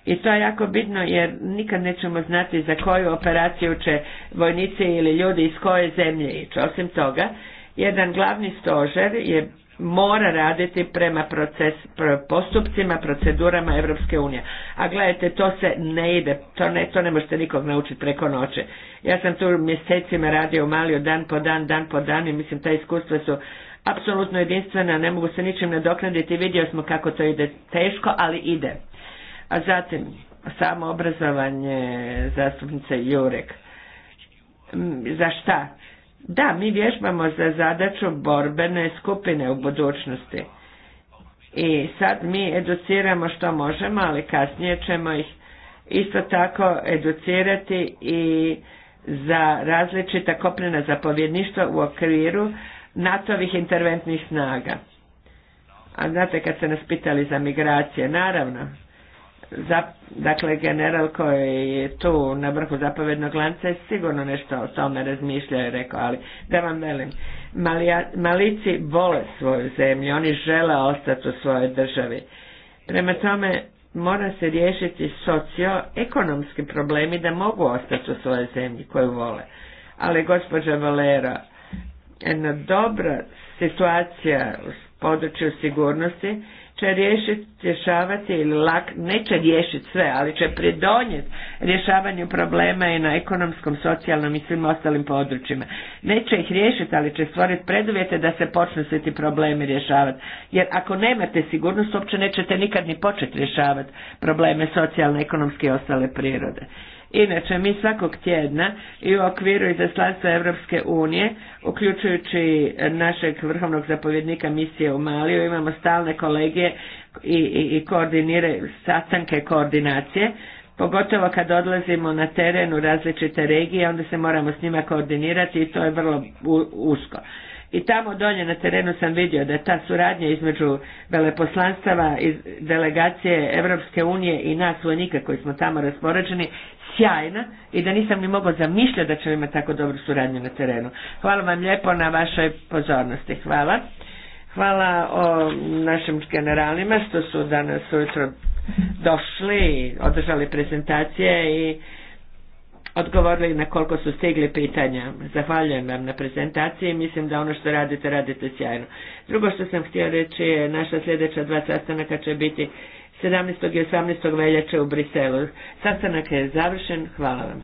I to je jako bitno jer nikad nećemo znati za koju operaciju će vojnici ili ljudi iz koje zemlje ići. Osim toga, jedan glavni stožer je mora raditi prema proces, postupcima, procedurama Europske unije. A gledajte, to se ne ide, to ne, to ne možete nikog naučiti preko noće. Ja sam tu mjesecima radio u dan po dan, dan po dan i mislim ta iskustva su apsolutno jedinstvena, ne mogu se ničim nadoknaditi, Vidjeli smo kako to ide teško, ali ide. A zatim, samo obrazovanje zastupnice Jurek. Za šta? Da, mi vježbamo za zadaču borbene skupine u budućnosti. I sad mi educiramo što možemo, ali kasnije ćemo ih isto tako educirati i za različita kopnena zapovjedništva u okviru NATO-vih interventnih snaga. A znate kad se nas pitali za migracije, naravno, Zap, dakle general koji je tu na vrhu zapovednog lanca je sigurno nešto o tome razmišljao i rekao, ali da vam velim, malici vole svoju zemlju, oni žele ostati u svojoj državi. Prema tome mora se riješiti socioekonomski problemi da mogu ostati u svojoj zemlji koju vole. Ali gospođa Valera, jedna dobra situacija u području sigurnosti će riješiti, rješavati ili lak, neće riješiti sve, ali će pridonijeti rješavanju problema i na ekonomskom, socijalnom i svim ostalim područjima. Neće ih riješiti, ali će stvoriti preduvjete da se počne svi ti problemi rješavati. Jer ako nemate sigurnost, uopće nećete nikad ni početi rješavati probleme socijalne, ekonomske i ostale prirode. Inače, mi svakog tjedna i u okviru izaslanstva Europske unije, uključujući našeg vrhovnog zapovjednika misije u Maliju, imamo stalne kolegije i, i, i sastanke koordinacije, pogotovo kad odlazimo na teren u različite regije, onda se moramo s njima koordinirati i to je vrlo usko. I tamo dolje na terenu sam vidio da ta suradnja između veleposlanstava i delegacije Europske unije i nas vojnika koji smo tamo raspoređeni sjajna i da nisam ni mogao zamišljati da ćemo imati tako dobru suradnju na terenu. Hvala vam lijepo na vašoj pozornosti. Hvala. Hvala o našim generalima što su danas ujutro došli, održali prezentacije i odgovorili na koliko su stigli pitanja. Zahvaljujem vam na prezentaciji i mislim da ono što radite, radite sjajno. Drugo što sam htio reći je naša sljedeća dva sastanaka će biti 17. i 18. veljače u Briselu. Sastanak je završen. Hvala vam.